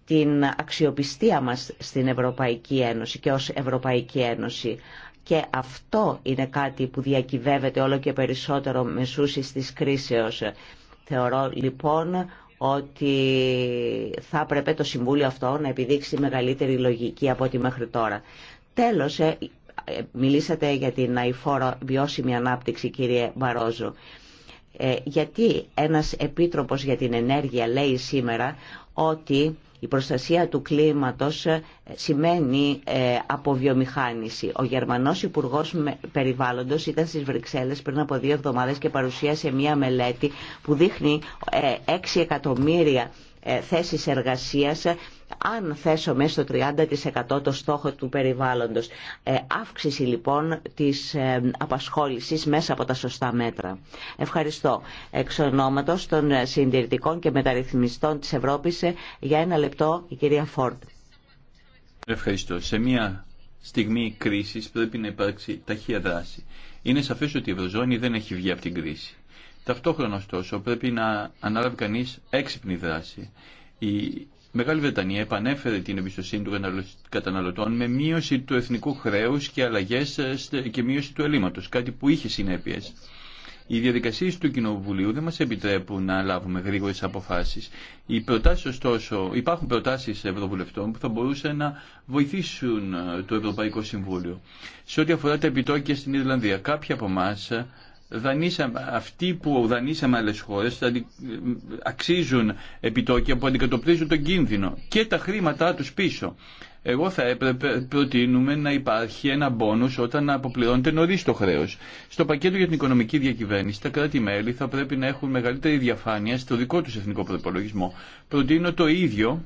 την αξιοπιστία μας στην Ευρωπαϊκή Ένωση και ως Ευρωπαϊκή Ένωση. Και αυτό είναι κάτι που διακυβεύεται όλο και περισσότερο σούσεις της κρίσεως. Θεωρώ λοιπόν ότι θα έπρεπε το Συμβούλιο αυτό να επιδείξει μεγαλύτερη λογική από ό,τι μέχρι τώρα. Τέλος, ε, ε, μιλήσατε για την αηφόρο βιώσιμη ανάπτυξη κύριε Μπαρόζου. Ε, γιατί ένας επίτροπος για την ενέργεια λέει σήμερα ότι η προστασία του κλίματος ε, σημαίνει ε, αποβιομηχάνηση. Ο Γερμανός Υπουργός Περιβάλλοντος ήταν στις Βρυξέλλες πριν από δύο εβδομάδες και παρουσίασε μία μελέτη που δείχνει 6 ε, εκατομμύρια ε, θέσεις εργασίας ε, αν θέσω μέσα στο 30% το στόχο του περιβάλλοντος. Ε, αύξηση λοιπόν της απασχόλησης μέσα από τα σωστά μέτρα. Ευχαριστώ. Εξ ονόματος των συντηρητικών και μεταρρυθμιστών της Ευρώπης για ένα λεπτό η κυρία Φόρντ. Ευχαριστώ. Σε μια στιγμή κρίσης πρέπει να υπάρξει ταχεία δράση. Είναι σαφές ότι η Ευρωζώνη δεν έχει βγει από την κρίση. Ταυτόχρονα, ωστόσο, πρέπει να ανάλαβει κανεί έξυπνη δράση. Η Μεγάλη Βρετανία επανέφερε την εμπιστοσύνη των καταναλωτών με μείωση του εθνικού χρέου και αλλαγέ ε, και μείωση του ελλείμματο, κάτι που είχε συνέπειε. Οι διαδικασίε του Κοινοβουλίου δεν μα επιτρέπουν να λάβουμε γρήγορε αποφάσει. υπάρχουν προτάσει Ευρωβουλευτών που θα μπορούσαν να βοηθήσουν ε, το Ευρωπαϊκό Συμβούλιο. Σε ό,τι αφορά τα επιτόκια στην Ιρλανδία, κάποιοι από εμά ε, δανείσαμε, αυτοί που δανείσαμε άλλες χώρες αξίζουν επιτόκια που αντικατοπτρίζουν τον κίνδυνο και τα χρήματά του πίσω. Εγώ θα έπρεπε, προτείνουμε να υπάρχει ένα μπόνους όταν αποπληρώνεται νωρί το χρέο. Στο πακέτο για την οικονομική διακυβέρνηση, τα κράτη-μέλη θα πρέπει να έχουν μεγαλύτερη διαφάνεια στο δικό του εθνικό προπολογισμό. Προτείνω το ίδιο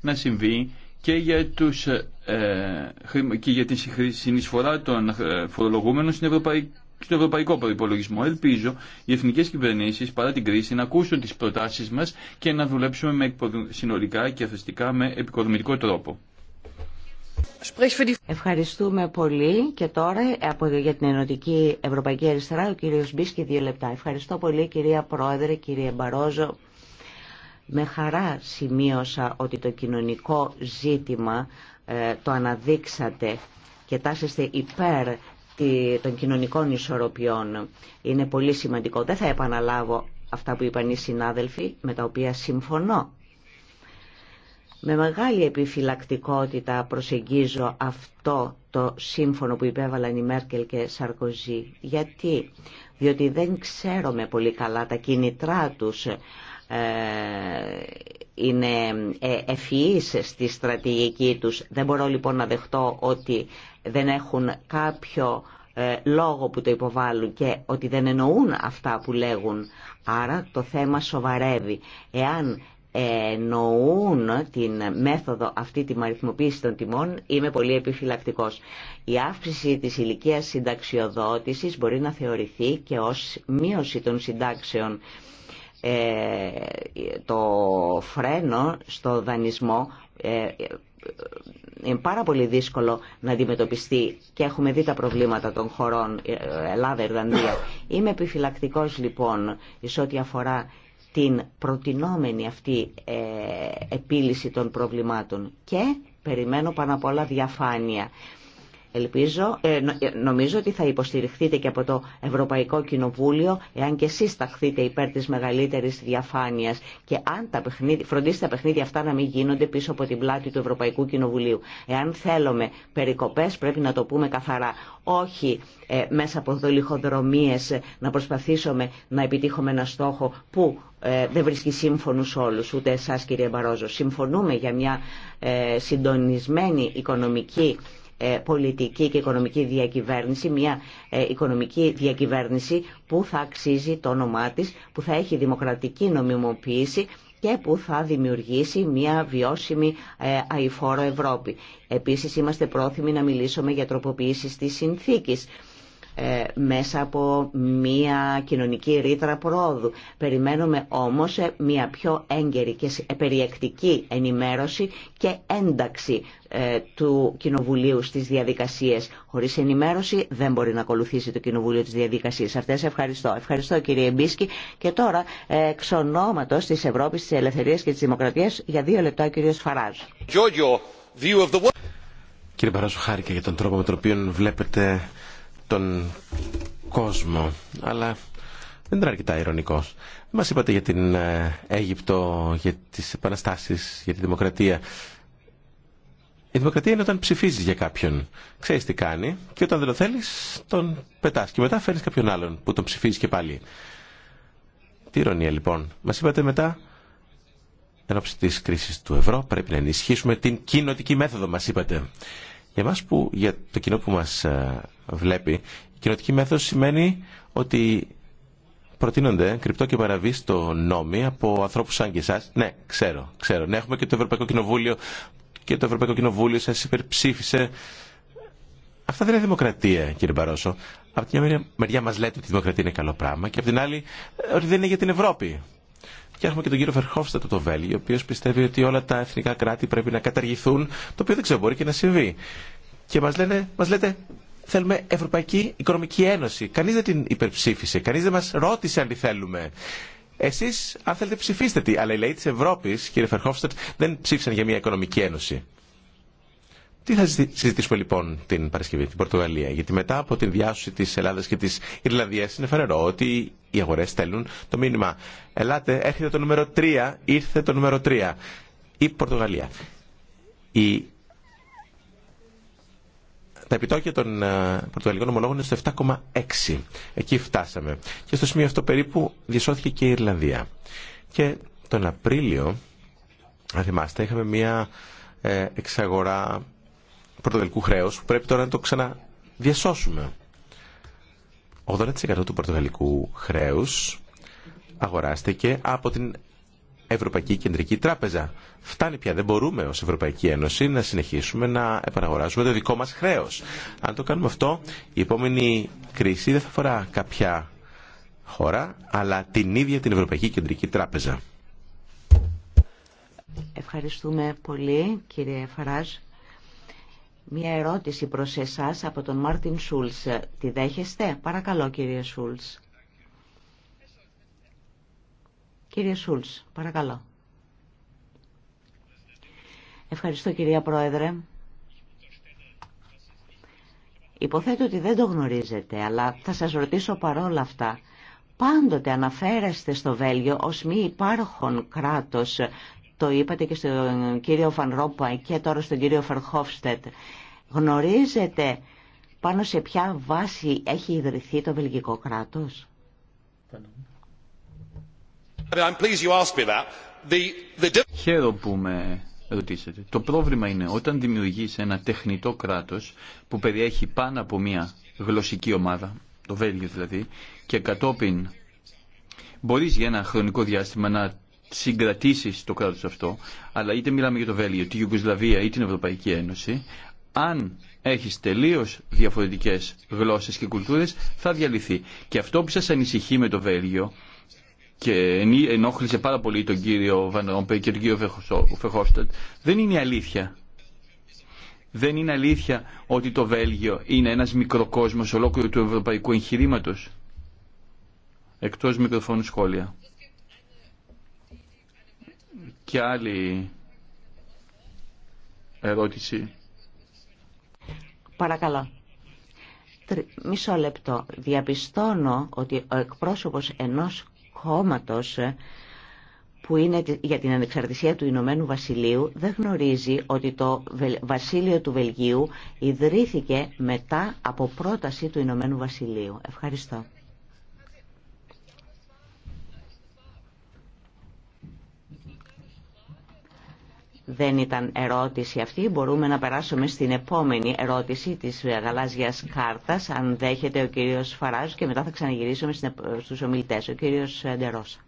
να συμβεί και για, τους, ε, και για τη συνεισφορά των ε, φορολογούμενων στην Ευρωπαϊκή στο ευρωπαϊκό Προπολογισμό. Ελπίζω οι εθνικέ κυβερνήσει παρά την κρίση να ακούσουν τι προτάσει μα και να δουλέψουμε με συνολικά και αθληστικά με επικοδομητικό τρόπο. Ευχαριστούμε πολύ και τώρα από, για την Ενωτική Ευρωπαϊκή Αριστερά ο κύριος Μπίσκη δύο λεπτά. Ευχαριστώ πολύ κυρία Πρόεδρε, κύριε Μπαρόζο. Με χαρά σημείωσα ότι το κοινωνικό ζήτημα ε, το αναδείξατε και τάσεστε υπέρ των κοινωνικών ισορροπιών είναι πολύ σημαντικό. Δεν θα επαναλάβω αυτά που είπαν οι συνάδελφοι με τα οποία συμφωνώ. Με μεγάλη επιφυλακτικότητα προσεγγίζω αυτό το σύμφωνο που υπέβαλαν οι Μέρκελ και Σαρκοζή. Γιατί? Διότι δεν ξέρουμε πολύ καλά τα κίνητρά τους ε, είναι ε, ευφυείς στη στρατηγική τους. Δεν μπορώ λοιπόν να δεχτώ ότι δεν έχουν κάποιο ε, λόγο που το υποβάλλουν και ότι δεν εννοούν αυτά που λέγουν. Άρα το θέμα σοβαρεύει. Εάν εννοούν την μέθοδο αυτή τη μαριθμοποίηση των τιμών είμαι πολύ επιφυλακτικός. Η αύξηση της ηλικίας συνταξιοδότησης μπορεί να θεωρηθεί και ως μείωση των συντάξεων ε, το φρένο στο δανεισμό ε, ε, είναι πάρα πολύ δύσκολο να αντιμετωπιστεί και έχουμε δει τα προβλήματα των χωρών Ελλάδα-Ιρλανδία. Είμαι επιφυλακτικός λοιπόν σε ό,τι αφορά την προτινόμενη αυτή επίλυση των προβλημάτων και περιμένω πάνω απ' όλα διαφάνεια. Ελπίζω, ε, ε, νομίζω ότι θα υποστηριχθείτε και από το Ευρωπαϊκό Κοινοβούλιο εάν και εσεί ταχθείτε υπέρ τη μεγαλύτερη διαφάνεια. και αν τα φροντίστε τα παιχνίδια αυτά να μην γίνονται πίσω από την πλάτη του Ευρωπαϊκού Κοινοβουλίου. Εάν θέλουμε περικοπές πρέπει να το πούμε καθαρά. Όχι ε, μέσα από ε, να προσπαθήσουμε να επιτύχουμε ένα στόχο που δεν βρίσκει σύμφωνους όλους, ούτε εσάς κύριε Μπαρόζο. Συμφωνούμε για μια συντονισμένη οικονομική ε, πολιτική και οικονομική διακυβέρνηση, μια ε, οικονομική διακυβέρνηση που θα αξίζει το όνομά της, που θα έχει δημοκρατική νομιμοποίηση και που θα δημιουργήσει μια βιώσιμη ε, αηφόρο Ευρώπη. Επίσης είμαστε πρόθυμοι να μιλήσουμε για τροποποίηση της συνθήκης. Ε, μέσα από μια κοινωνική ρήτρα πρόοδου. Περιμένουμε όμως ε, μια πιο έγκαιρη και ε, περιεκτική ενημέρωση και ένταξη του Κοινοβουλίου στις διαδικασίες. Χωρίς ενημέρωση δεν μπορεί να ακολουθήσει το Κοινοβούλιο τις διαδικασίες αυτές. Ευχαριστώ. Ευχαριστώ κύριε Μπίσκι. Και τώρα εξ ονόματος της Ευρώπης, της Ελευθερίας και της Δημοκρατίας για δύο λεπτά ο κύριος Φαράζ. Κύριε Παράσου, χάρηκα για τον τρόπο με τον οποίο βλέπετε τον κόσμο. Αλλά δεν ήταν αρκετά ηρωνικό. Μας είπατε για την ε, Αίγυπτο, για τις επαναστάσει, για τη δημοκρατία. Η δημοκρατία είναι όταν ψηφίζεις για κάποιον. Ξέρει τι κάνει και όταν δεν το θέλεις, τον πετάς. Και μετά φέρνει κάποιον άλλον που τον ψηφίζει και πάλι. Τι ηρωνία λοιπόν. Μα είπατε μετά, εν κρίση του ευρώ, πρέπει να ενισχύσουμε την κοινοτική μέθοδο, μα είπατε. Για εμάς που, για το κοινό που μας ε, βλέπει, η κοινοτική μέθοδος σημαίνει ότι προτείνονται κρυπτό και παραβεί στο νόμι από ανθρώπους σαν και εσάς. Ναι, ξέρω, ξέρω. Ναι, έχουμε και το Ευρωπαϊκό Κοινοβούλιο και το Ευρωπαϊκό Κοινοβούλιο σας υπερψήφισε. Αυτά δεν είναι δημοκρατία, κύριε Μπαρόσο. Από τη μια μεριά μας λέτε ότι η δημοκρατία είναι καλό πράγμα και από την άλλη ε, ότι δεν είναι για την Ευρώπη. Και έχουμε και τον κύριο Φερχόφστατ το Βέλγιο, ο οποίο πιστεύει ότι όλα τα εθνικά κράτη πρέπει να καταργηθούν, το οποίο δεν ξέρω, μπορεί και να συμβεί. Και μα μας λέτε, θέλουμε Ευρωπαϊκή Οικονομική Ένωση. Κανεί δεν την υπερψήφισε, κανεί δεν μα ρώτησε αν τη θέλουμε. Εσεί, αν θέλετε, ψηφίστε τη. Αλλά οι λαοί τη Ευρώπη, κύριε Φερχόφστατ, δεν ψήφισαν για μια Οικονομική Ένωση. Τι θα συζητήσουμε λοιπόν την Παρασκευή, την Πορτογαλία, γιατί μετά από την διάσωση της Ελλάδας και της Ιρλανδίας είναι φανερό ότι οι αγορές στέλνουν το μήνυμα. Ελάτε, έρχεται το νούμερο 3, ήρθε το νούμερο 3. Η Πορτογαλία. Η... Τα επιτόκια των ε, πορτογαλικών ομολόγων είναι στο 7,6. Εκεί φτάσαμε. Και στο σημείο αυτό περίπου διασώθηκε και η Ιρλανδία. Και τον Απρίλιο, αν θυμάστε, είχαμε μια ε, εξαγορά πορτογαλικού χρέους που πρέπει τώρα να το ξαναδιασώσουμε. 80% του πορτογαλικού χρέου αγοράστηκε από την Ευρωπαϊκή Κεντρική Τράπεζα. Φτάνει πια, δεν μπορούμε ως Ευρωπαϊκή Ένωση να συνεχίσουμε να επαναγοράζουμε το δικό μας χρέος. Αν το κάνουμε αυτό, η επόμενη κρίση δεν θα αφορά κάποια χώρα, αλλά την ίδια την Ευρωπαϊκή Κεντρική Τράπεζα. Ευχαριστούμε πολύ κύριε Φαράζ. Μια ερώτηση προς εσάς από τον Μάρτιν Σούλς. Τη δέχεστε? Παρακαλώ κύριε Σούλς. Κύριε Σούλς, παρακαλώ. Ευχαριστώ κυρία Πρόεδρε. Υποθέτω ότι δεν το γνωρίζετε, αλλά θα σας ρωτήσω παρόλα αυτά. Πάντοτε αναφέρεστε στο Βέλγιο ως μη υπάρχον κράτος το είπατε και στον κύριο Φανρόπα και τώρα στον κύριο Φερχόφστετ. Γνωρίζετε πάνω σε ποια βάση έχει ιδρυθεί το βελγικό κράτος. Χαίρομαι που με ρωτήσετε. Το πρόβλημα είναι όταν δημιουργείς ένα τεχνητό κράτος που περιέχει πάνω από μία γλωσσική ομάδα, το Βέλγιο δηλαδή, και κατόπιν μπορείς για ένα χρονικό διάστημα να συγκρατήσει το κράτο αυτό, αλλά είτε μιλάμε για το Βέλγιο, τη Ιουγκοσλαβία ή την Ευρωπαϊκή Ένωση, αν έχει τελείω διαφορετικέ γλώσσε και κουλτούρε, θα διαλυθεί. Και αυτό που σα ανησυχεί με το Βέλγιο και ενόχλησε πάρα πολύ τον κύριο Βανρόμπε και τον κύριο Φεχόστατ, δεν είναι αλήθεια. Δεν είναι αλήθεια ότι το Βέλγιο είναι ένας μικροκόσμος ολόκληρου του ευρωπαϊκού εγχειρήματο. Εκτός μικροφώνου σχόλια και άλλη ερώτηση. Παρακαλώ. Μισό λεπτό. Διαπιστώνω ότι ο εκπρόσωπος ενός κόμματος ε, που είναι για την ανεξαρτησία του Ηνωμένου Βασιλείου δεν γνωρίζει ότι το Βασίλειο του Βελγίου ιδρύθηκε μετά από πρόταση του Ηνωμένου Βασιλείου. Ευχαριστώ. Δεν ήταν ερώτηση αυτή. Μπορούμε να περάσουμε στην επόμενη ερώτηση της γαλάζιας κάρτας, αν δέχεται ο κύριος Φαράζου και μετά θα ξαναγυρίσουμε στους ομιλητές. Ο κύριος Ντερόσα.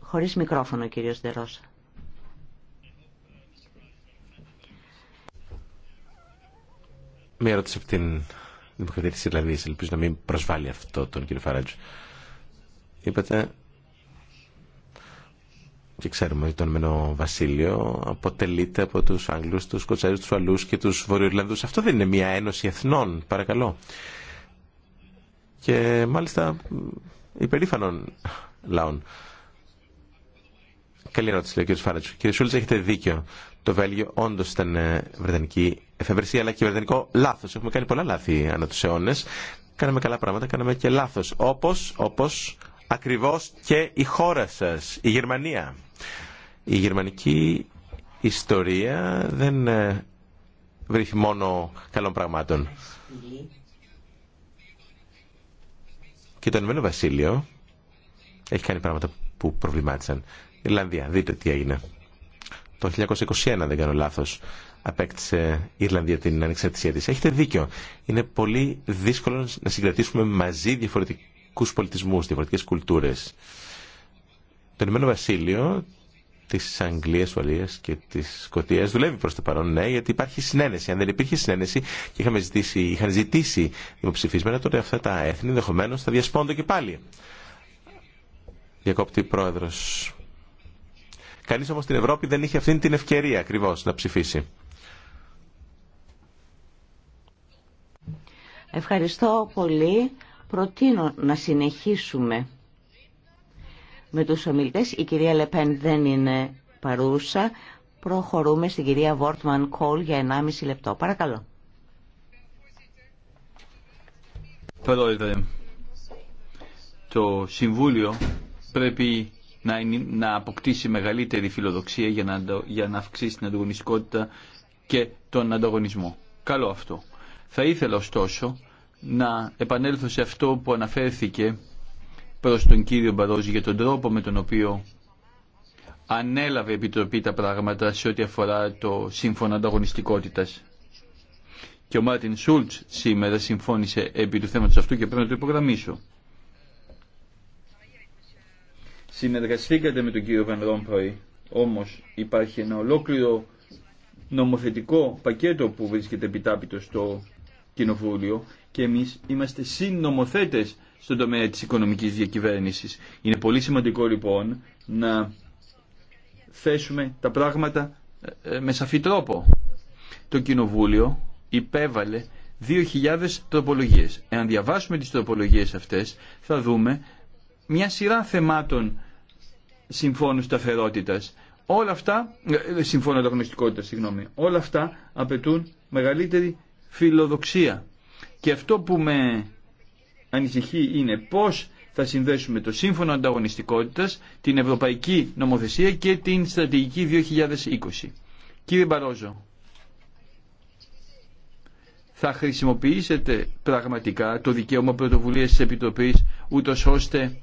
Χωρίς μικρόφωνο ο κύριος Ντερόσα. Μια ερώτηση από την Δημοκρατία της Ιρλανδίας. Ελπίζω να μην προσβάλλει αυτό τον κύριο Φαράτζου. Είπατε και ξέρουμε ότι το Ηνωμένο Βασίλειο αποτελείται από του Άγγλου, του Σκοτσέζους, του Αλλού και του Βορειοϊρλανδού. Αυτό δεν είναι μια ένωση εθνών, παρακαλώ. Και μάλιστα υπερήφανων λαών. Καλή ερώτηση, λέει ο κ. Φάρατσου. Κύριε Σούλτ, έχετε δίκιο. Το Βέλγιο όντω ήταν ε, βρετανική εφευρεσία, αλλά και βρετανικό λάθο. Έχουμε κάνει πολλά λάθη ανά του αιώνε. Κάναμε καλά πράγματα, κάναμε και λάθο. Όπω, όπως ακριβώς και η χώρα σας, η Γερμανία. Η γερμανική ιστορία δεν ε, βρίσκει μόνο καλών πραγμάτων. Και το Ενωμένο Βασίλειο έχει κάνει πράγματα που προβλημάτισαν. Ιρλανδία, δείτε τι έγινε. Το 1921, δεν κάνω λάθος, απέκτησε η Ιρλανδία την ανεξαρτησία της. Έχετε δίκιο. Είναι πολύ δύσκολο να συγκρατήσουμε μαζί διαφορετικά διαφορετικούς πολιτισμούς, διαφορετικές κουλτούρες. Το Ηνωμένο Βασίλειο τη Αγγλία, Ουαλία και τη Σκωτία δουλεύει προ το παρόν, ναι, γιατί υπάρχει συνένεση. Αν δεν υπήρχε συνένεση και είχαμε ζητήσει, είχαν ζητήσει δημοψηφίσματα, τότε αυτά τα έθνη ενδεχομένω θα διασπώνται και πάλι. Διακόπτη πρόεδρο. Κανεί όμω στην Ευρώπη δεν είχε αυτήν την ευκαιρία ακριβώ να ψηφίσει. Ευχαριστώ πολύ προτείνω να συνεχίσουμε με τους ομιλητές. Η κυρία Λεπέν δεν είναι παρούσα. Προχωρούμε στην κυρία Βόρτμαν Κόλ για 1,5 λεπτό. Παρακαλώ. Πρόεδρε, το Συμβούλιο πρέπει να, να αποκτήσει μεγαλύτερη φιλοδοξία για να, για να αυξήσει την ανταγωνιστικότητα και τον ανταγωνισμό. Καλό αυτό. Θα ήθελα ωστόσο να επανέλθω σε αυτό που αναφέρθηκε προς τον κύριο Μπαρόζη για τον τρόπο με τον οποίο ανέλαβε η Επιτροπή τα πράγματα σε ό,τι αφορά το σύμφωνο ανταγωνιστικότητας. Και ο Μάρτιν Σούλτ σήμερα συμφώνησε επί του θέματος αυτού και πρέπει να το υπογραμμίσω. Συνεργαστήκατε με τον κύριο Βαν όμως υπάρχει ένα ολόκληρο νομοθετικό πακέτο που βρίσκεται επιτάπητο στο Κοινοβούλιο και εμείς είμαστε συνομοθέτες στον τομέα της οικονομικής διακυβέρνησης. Είναι πολύ σημαντικό λοιπόν να θέσουμε τα πράγματα ε, με σαφή τρόπο. Το Κοινοβούλιο υπέβαλε 2.000 τροπολογίες. Εάν διαβάσουμε τις τροπολογίες αυτές θα δούμε μια σειρά θεμάτων συμφώνου σταθερότητα. Όλα αυτά, ε, τα γνωστικότητα, συγγνώμη, όλα αυτά απαιτούν μεγαλύτερη φιλοδοξία και αυτό που με ανησυχεί είναι πώς θα συνδέσουμε το σύμφωνο ανταγωνιστικότητας, την ευρωπαϊκή νομοθεσία και την στρατηγική 2020. Κύριε Μπαρόζο, θα χρησιμοποιήσετε πραγματικά το δικαίωμα πρωτοβουλίας της Επιτροπής ούτως ώστε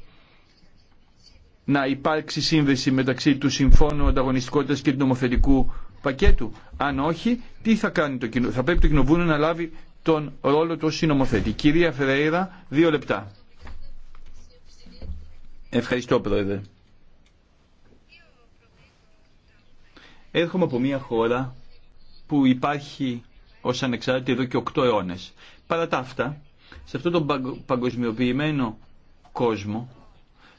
να υπάρξει σύνδεση μεταξύ του Συμφώνου Ανταγωνιστικότητας και του νομοθετικού πακέτου. Αν όχι, τι θα κάνει το κοινό. Θα πρέπει το Κοινοβούλιο να λάβει τον ρόλο του ως συνομοθέτη. Κυρία Φεραίρα, δύο λεπτά. Ευχαριστώ, Πρόεδρε. Έρχομαι από μια χώρα που υπάρχει ως ανεξάρτητη εδώ και οκτώ αιώνες. Παρά τα αυτά, σε αυτόν τον παγκοσμιοποιημένο κόσμο,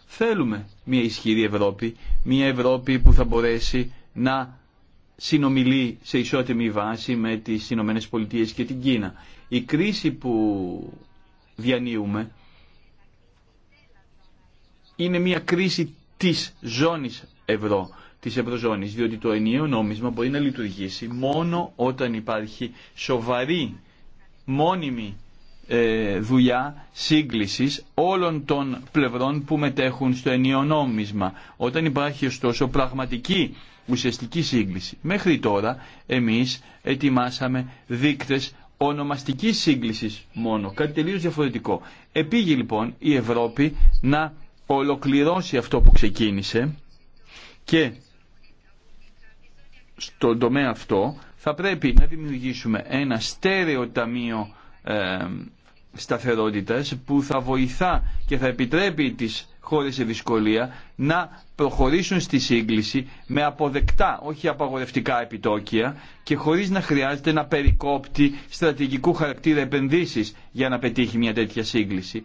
θέλουμε μια ισχυρή Ευρώπη, μια Ευρώπη που θα μπορέσει να συνομιλεί σε ισότιμη βάση με τις Ηνωμένε Πολιτείες και την Κίνα. Η κρίση που διανύουμε είναι μια κρίση της ζώνης ευρώ, της ευρωζώνης, διότι το ενίο νόμισμα μπορεί να λειτουργήσει μόνο όταν υπάρχει σοβαρή, μόνιμη ε, δουλειά σύγκλησης όλων των πλευρών που μετέχουν στο ενιονόμισμα νόμισμα. Όταν υπάρχει ωστόσο πραγματική ουσιαστική σύγκληση. Μέχρι τώρα εμείς ετοιμάσαμε δείκτες ονομαστικής σύγκληση μόνο, κάτι τελείως διαφορετικό. Επήγε λοιπόν η Ευρώπη να ολοκληρώσει αυτό που ξεκίνησε και στον τομέα αυτό θα πρέπει να δημιουργήσουμε ένα στέρεο ταμείο ε, σταθερότητας που θα βοηθά και θα επιτρέπει τις χώρες σε δυσκολία να προχωρήσουν στη σύγκληση με αποδεκτά, όχι απαγορευτικά επιτόκια και χωρίς να χρειάζεται να περικόπτει στρατηγικού χαρακτήρα επενδύσεις για να πετύχει μια τέτοια σύγκληση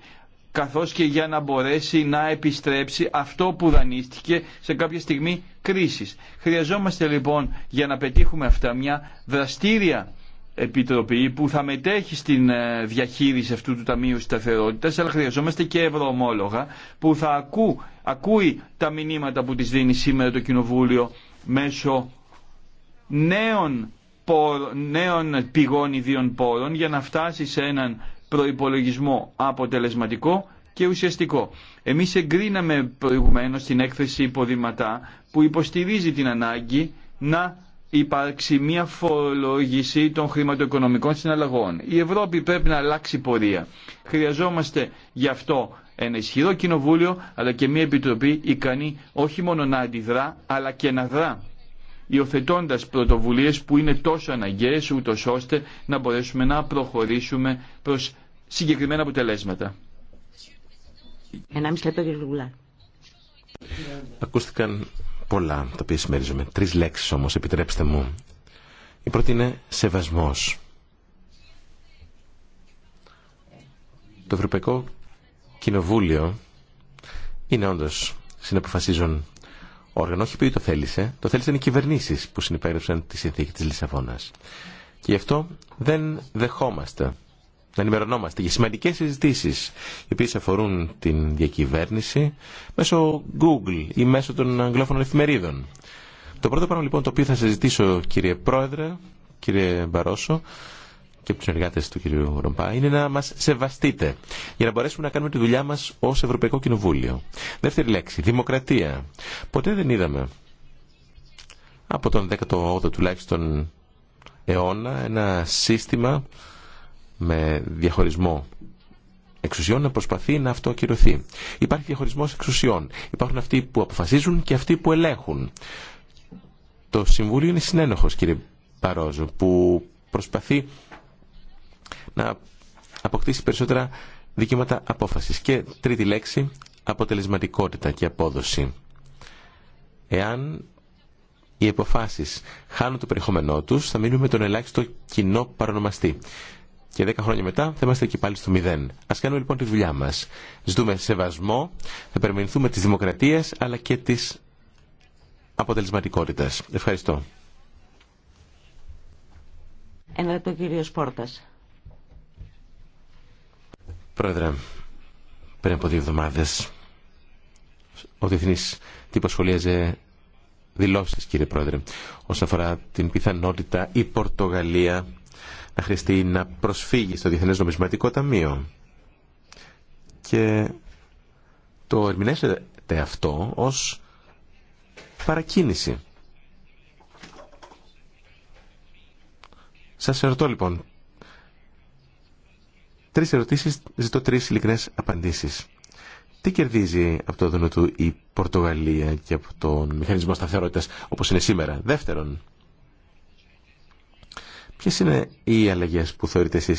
καθώς και για να μπορέσει να επιστρέψει αυτό που δανείστηκε σε κάποια στιγμή κρίσης. Χρειαζόμαστε λοιπόν για να πετύχουμε αυτά μια δραστήρια Επιτροπή που θα μετέχει στην ε, διαχείριση αυτού του Ταμείου Σταθερότητας αλλά χρειαζόμαστε και ευρωομόλογα που θα ακού, ακούει τα μηνύματα που της δίνει σήμερα το Κοινοβούλιο μέσω νέων, νέων πηγών ιδίων πόρων για να φτάσει σε έναν προϋπολογισμό αποτελεσματικό και ουσιαστικό. Εμείς εγκρίναμε προηγουμένως την έκθεση υποδηματά που υποστηρίζει την ανάγκη να υπάρξει μια φορολογήση των χρηματοοικονομικών συναλλαγών. Η Ευρώπη πρέπει να αλλάξει πορεία. Χρειαζόμαστε γι' αυτό ένα ισχυρό κοινοβούλιο, αλλά και μια επιτροπή ικανή όχι μόνο να αντιδρά, αλλά και να δρά, υιοθετώντα πρωτοβουλίε που είναι τόσο αναγκαίε, ούτω ώστε να μπορέσουμε να προχωρήσουμε προ συγκεκριμένα αποτελέσματα. Ακούστηκαν πολλά τα οποία συμμερίζομαι. Τρεις λέξεις όμως, επιτρέψτε μου. Η πρώτη είναι σεβασμός. Το Ευρωπαϊκό Κοινοβούλιο είναι όντως συναποφασίζον όργανο, όχι που το θέλησε. Το θέλησαν οι κυβερνήσεις που συνυπέγραψαν τη συνθήκη της Λισαβόνας. Και γι' αυτό δεν δεχόμαστε να ενημερωνόμαστε για σημαντικές συζητήσεις οι οποίες αφορούν την διακυβέρνηση μέσω Google ή μέσω των αγγλόφωνων εφημερίδων. Το πρώτο πράγμα λοιπόν το οποίο θα συζητήσω κύριε Πρόεδρε, κύριε Μπαρόσο και από τους εργάτες του κύριου Ρομπά είναι να μας σεβαστείτε για να μπορέσουμε να κάνουμε τη δουλειά μας ως Ευρωπαϊκό Κοινοβούλιο. Δεύτερη λέξη, δημοκρατία. Ποτέ δεν είδαμε από τον 18ο τουλάχιστον αιώνα ένα σύστημα με διαχωρισμό εξουσιών να προσπαθεί να αυτοκυρωθεί. Υπάρχει διαχωρισμός εξουσιών. Υπάρχουν αυτοί που αποφασίζουν και αυτοί που ελέγχουν. Το Συμβούλιο είναι συνένοχος κύριε Παρόζο που προσπαθεί να αποκτήσει περισσότερα δικαιώματα απόφασης. Και τρίτη λέξη, αποτελεσματικότητα και απόδοση. Εάν οι αποφάσεις χάνουν το περιεχόμενό τους, θα μείνουμε τον ελάχιστο κοινό παρονομαστή. Και δέκα χρόνια μετά θα είμαστε εκεί πάλι στο μηδέν. Α κάνουμε λοιπόν τη δουλειά μα. Ζητούμε σεβασμό, θα περιμένουμε τη δημοκρατία αλλά και τη αποτελεσματικότητα. Ευχαριστώ. Ένα λεπτό κύριο Πόρτα. Πρόεδρε, πριν από δύο εβδομάδε ο διεθνή τύπο σχολίαζε δηλώσει, κύριε Πρόεδρε, όσον αφορά την πιθανότητα η Πορτογαλία να χρειαστεί να προσφύγει στο Διεθνές Νομισματικό Ταμείο. Και το ερμηνεύεται αυτό ως παρακίνηση. Σας ερωτώ λοιπόν. Τρεις ερωτήσεις, ζητώ τρεις ειλικρινές απαντήσεις. Τι κερδίζει από το δούνο του η Πορτογαλία και από τον μηχανισμό σταθερότητας όπως είναι σήμερα. Δεύτερον, Ποιε είναι οι αλλαγέ που θεωρείτε εσεί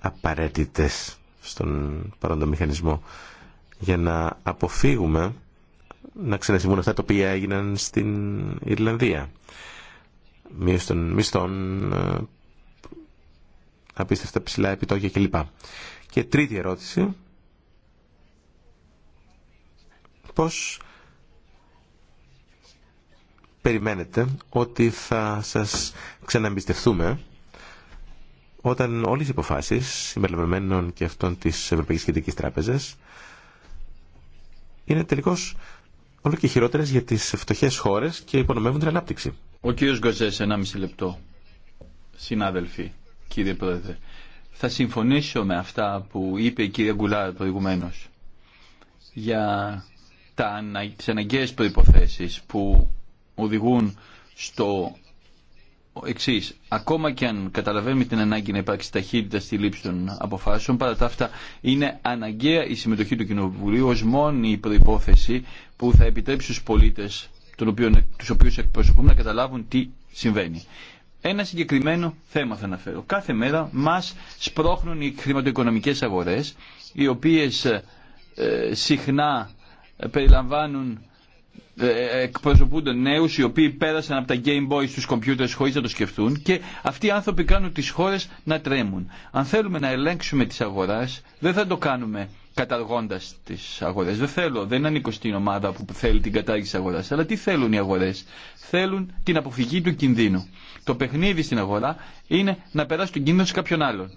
απαραίτητε στον παρόντο μηχανισμό για να αποφύγουμε να ξανασυμβούν αυτά τα οποία έγιναν στην Ιρλανδία. Μείωση των μισθών, ε, απίστευτα ψηλά επιτόκια κλπ. Και τρίτη ερώτηση. Πώς περιμένετε ότι θα σας ξαναμπιστευτούμε όταν όλε οι υποφάσει συμπεριλαμβανομένων και αυτών τη Ευρωπαϊκή Κεντρική Τράπεζα είναι τελικώς όλο και χειρότερε για τι φτωχέ χώρες και υπονομεύουν την ανάπτυξη. Ο κύριος Γκοζές, 1,5 λεπτό. Συνάδελφοι, κύριε Πρόεδρε, θα συμφωνήσω με αυτά που είπε η κυρία Γκουλάρ προηγουμένω για τα, τις αναγκαίες προϋποθέσεις που οδηγούν στο εξή. Ακόμα και αν καταλαβαίνουμε την ανάγκη να υπάρξει ταχύτητα στη λήψη των αποφάσεων, παρά τα αυτά είναι αναγκαία η συμμετοχή του Κοινοβουλίου ω μόνη προπόθεση που θα επιτρέψει στου πολίτε, του οποίου εκπροσωπούμε, να καταλάβουν τι συμβαίνει. Ένα συγκεκριμένο θέμα θα αναφέρω. Κάθε μέρα μα σπρώχνουν οι χρηματοοικονομικέ αγορέ, οι οποίε ε, συχνά περιλαμβάνουν ε, ε, εκπροσωπούνται νέους οι οποίοι πέρασαν από τα Game Boy στους κομπιούτερς χωρίς να το σκεφτούν και αυτοί οι άνθρωποι κάνουν τις χώρες να τρέμουν. Αν θέλουμε να ελέγξουμε τις αγοράς δεν θα το κάνουμε καταργώντας τις αγορές. Δεν θέλω, δεν είναι ανήκω στην ομάδα που θέλει την κατάργηση της αγοράς. Αλλά τι θέλουν οι αγορές. Θέλουν την αποφυγή του κινδύνου. Το παιχνίδι στην αγορά είναι να περάσει τον κίνδυνο σε κάποιον άλλον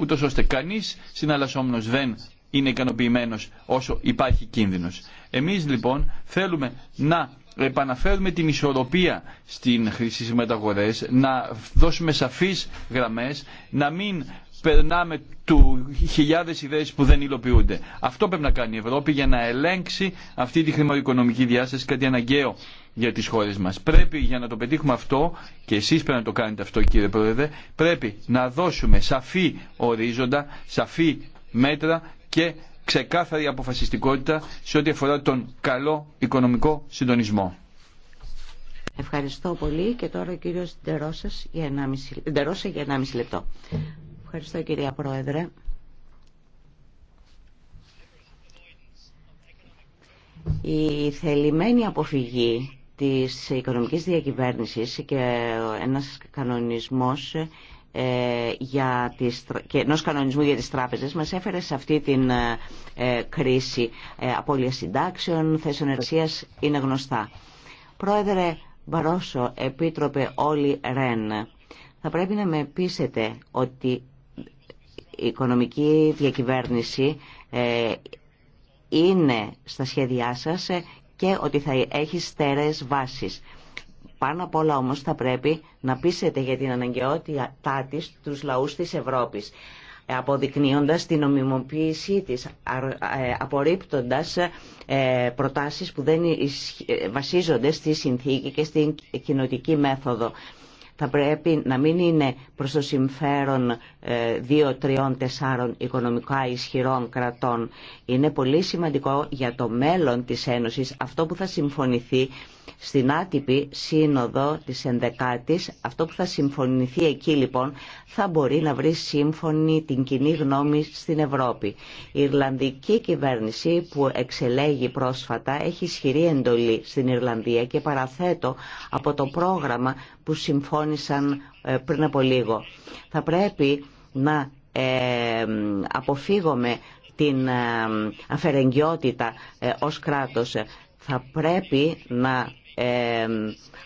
Ούτω ώστε κανείς συναλλασσόμενο δεν είναι ικανοποιημένο όσο υπάρχει κίνδυνο. Εμεί λοιπόν θέλουμε να επαναφέρουμε την ισορροπία στην χρήση μεταγορέ, να δώσουμε σαφεί γραμμέ, να μην περνάμε του χιλιάδες ιδέες που δεν υλοποιούνται. Αυτό πρέπει να κάνει η Ευρώπη για να ελέγξει αυτή τη χρηματοοικονομική διάσταση, κάτι αναγκαίο για τις χώρες μας. Πρέπει για να το πετύχουμε αυτό, και εσείς πρέπει να το κάνετε αυτό κύριε Πρόεδρε, πρέπει να δώσουμε σαφή ορίζοντα, σαφή μέτρα και ξεκάθαρη αποφασιστικότητα σε ό,τι αφορά τον καλό οικονομικό συντονισμό. Ευχαριστώ πολύ και τώρα ο κύριος Ντερόσας για 1,5, Ντερόσα για 1,5 λεπτό. Ευχαριστώ κυρία Πρόεδρε. Η θελημένη αποφυγή της οικονομικής διακυβέρνησης και ένας κανονισμός ε, για τις, και ενός κανονισμού για τις τράπεζες μας έφερε σε αυτή την ε, ε, κρίση. απώλεια συντάξεων, θέσεων εργασίας είναι γνωστά. Πρόεδρε Μπαρόσο, Επίτροπε Όλη Ρεν, θα πρέπει να με πείσετε ότι η οικονομική διακυβέρνηση είναι στα σχέδιά σας και ότι θα έχει στέρεες βάσεις. Πάνω απ' όλα όμως θα πρέπει να πείσετε για την αναγκαιότητά της τους λαούς της Ευρώπης αποδεικνύοντας την ομιμοποίησή της, ε, απορρίπτοντας ε, προτάσεις που δεν ε, βασίζονται στη συνθήκη και στην κοινοτική μέθοδο. Θα πρέπει να μην είναι προς το συμφέρον δύο, τριών, τεσσάρων οικονομικά ισχυρών κρατών. Είναι πολύ σημαντικό για το μέλλον της Ένωσης αυτό που θα συμφωνηθεί στην άτυπη σύνοδο της 11 αυτό που θα συμφωνηθεί εκεί λοιπόν, θα μπορεί να βρει σύμφωνη την κοινή γνώμη στην Ευρώπη. Η Ιρλανδική κυβέρνηση που εξελέγει πρόσφατα έχει ισχυρή εντολή στην Ιρλανδία και παραθέτω από το πρόγραμμα που συμφώνησαν ε, πριν από λίγο. Θα πρέπει να ε, αποφύγουμε την ε, αφαιρεγγιότητα ως κράτος θα πρέπει να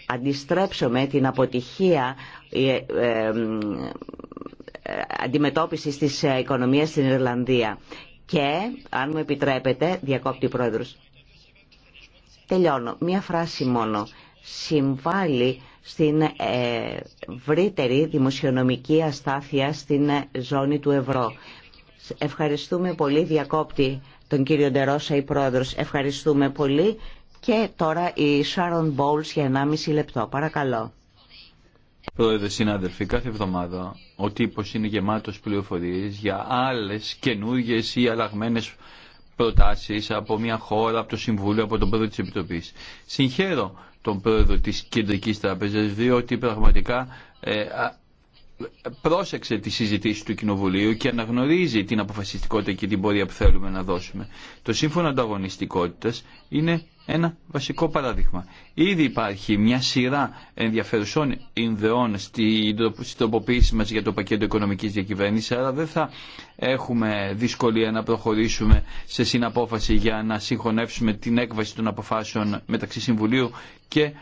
αντιστρέψουμε την αποτυχία ε, ε, αντιμετώπισης της ε, οικονομίας στην Ιρλανδία. Και, αν μου επιτρέπετε, διακόπτη πρόεδρος. Τελειώνω. Μία φράση μόνο. Συμβάλλει στην ε, ευρύτερη δημοσιονομική αστάθεια στην ε, ζώνη του ευρώ. Ευχαριστούμε πολύ διακόπτη τον κύριο Ντερόσα, η πρόεδρος. Ευχαριστούμε πολύ. Και τώρα η Σαρόν Μπόλς για 1,5 λεπτό. Παρακαλώ. Πρόεδρε, συνάδελφοι, κάθε εβδομάδα ο τύπος είναι γεμάτος πληροφορίες για άλλες καινούργιε ή αλλαγμένε προτάσεις από μια χώρα, από το Συμβούλιο, από τον πρόεδρο της Επιτροπής. Συγχαίρω τον πρόεδρο της Κεντρικής Τράπεζας διότι πραγματικά ε, πρόσεξε τις συζητήσεις του Κοινοβουλίου και αναγνωρίζει την αποφασιστικότητα και την πορεία που θέλουμε να δώσουμε. Το σύμφωνο ανταγωνιστικότητας είναι ένα βασικό παράδειγμα. Ήδη υπάρχει μια σειρά ενδιαφερουσών ινδεών στην τροποποίηση μας για το πακέτο οικονομικής διακυβέρνησης, αλλά δεν θα έχουμε δυσκολία να προχωρήσουμε σε συναπόφαση για να συγχωνεύσουμε την έκβαση των αποφάσεων μεταξύ Συμβουλίου και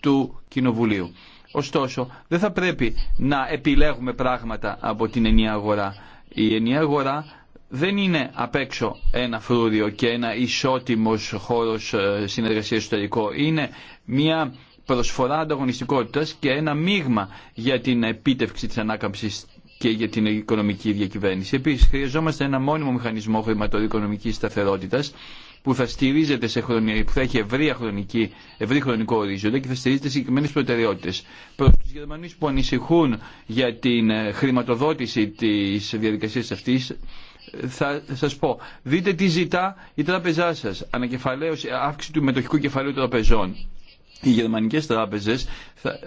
του Κοινοβουλίου. Ωστόσο, δεν θα πρέπει να επιλέγουμε πράγματα από την ενιαία αγορά. Η ενιαία αγορά δεν είναι απ' έξω ένα φρούριο και ένα ισότιμος χώρος ε, συνεργασίας εσωτερικό. Είναι μια προσφορά ανταγωνιστικότητας και ένα μείγμα για την επίτευξη της ανάκαμψης και για την οικονομική διακυβέρνηση. Επίσης, χρειαζόμαστε ένα μόνιμο μηχανισμό χρηματοοικονομικής σταθερότητας που θα στηρίζεται σε χρονια, που θα έχει χρονική, ευρύ χρονικό ορίζοντα και θα στηρίζεται σε συγκεκριμένε προτεραιότητε. Προ του Γερμανού που ανησυχούν για την ε, χρηματοδότηση τη διαδικασία αυτή, θα σα πω, δείτε τι ζητά η τράπεζά σα. Ανακεφαλαίωση, αύξηση του μετοχικού κεφαλαίου τραπεζών. Οι γερμανικέ τράπεζε θα,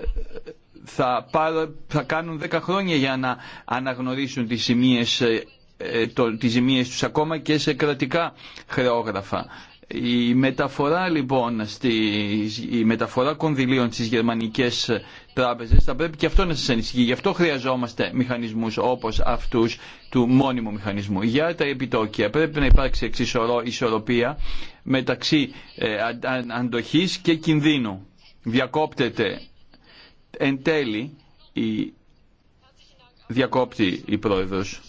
θα, πάρω, θα κάνουν 10 χρόνια για να αναγνωρίσουν τι σημείε ε, ε, το, τις ζημίες τους ακόμα και σε κρατικά χρεόγραφα. Η μεταφορά λοιπόν, στη, η μεταφορά κονδυλίων στις γερμανικές τράπεζες θα πρέπει και αυτό να σας ανησυχεί. Γι' αυτό χρειαζόμαστε μηχανισμούς όπως αυτούς του μόνιμου μηχανισμού. Για τα επιτόκια πρέπει να υπάρξει εξισορροπία ισορροπία μεταξύ ε, αντοχής και κινδύνου. Διακόπτεται εν τέλει η διακόπτη η πρόεδρος.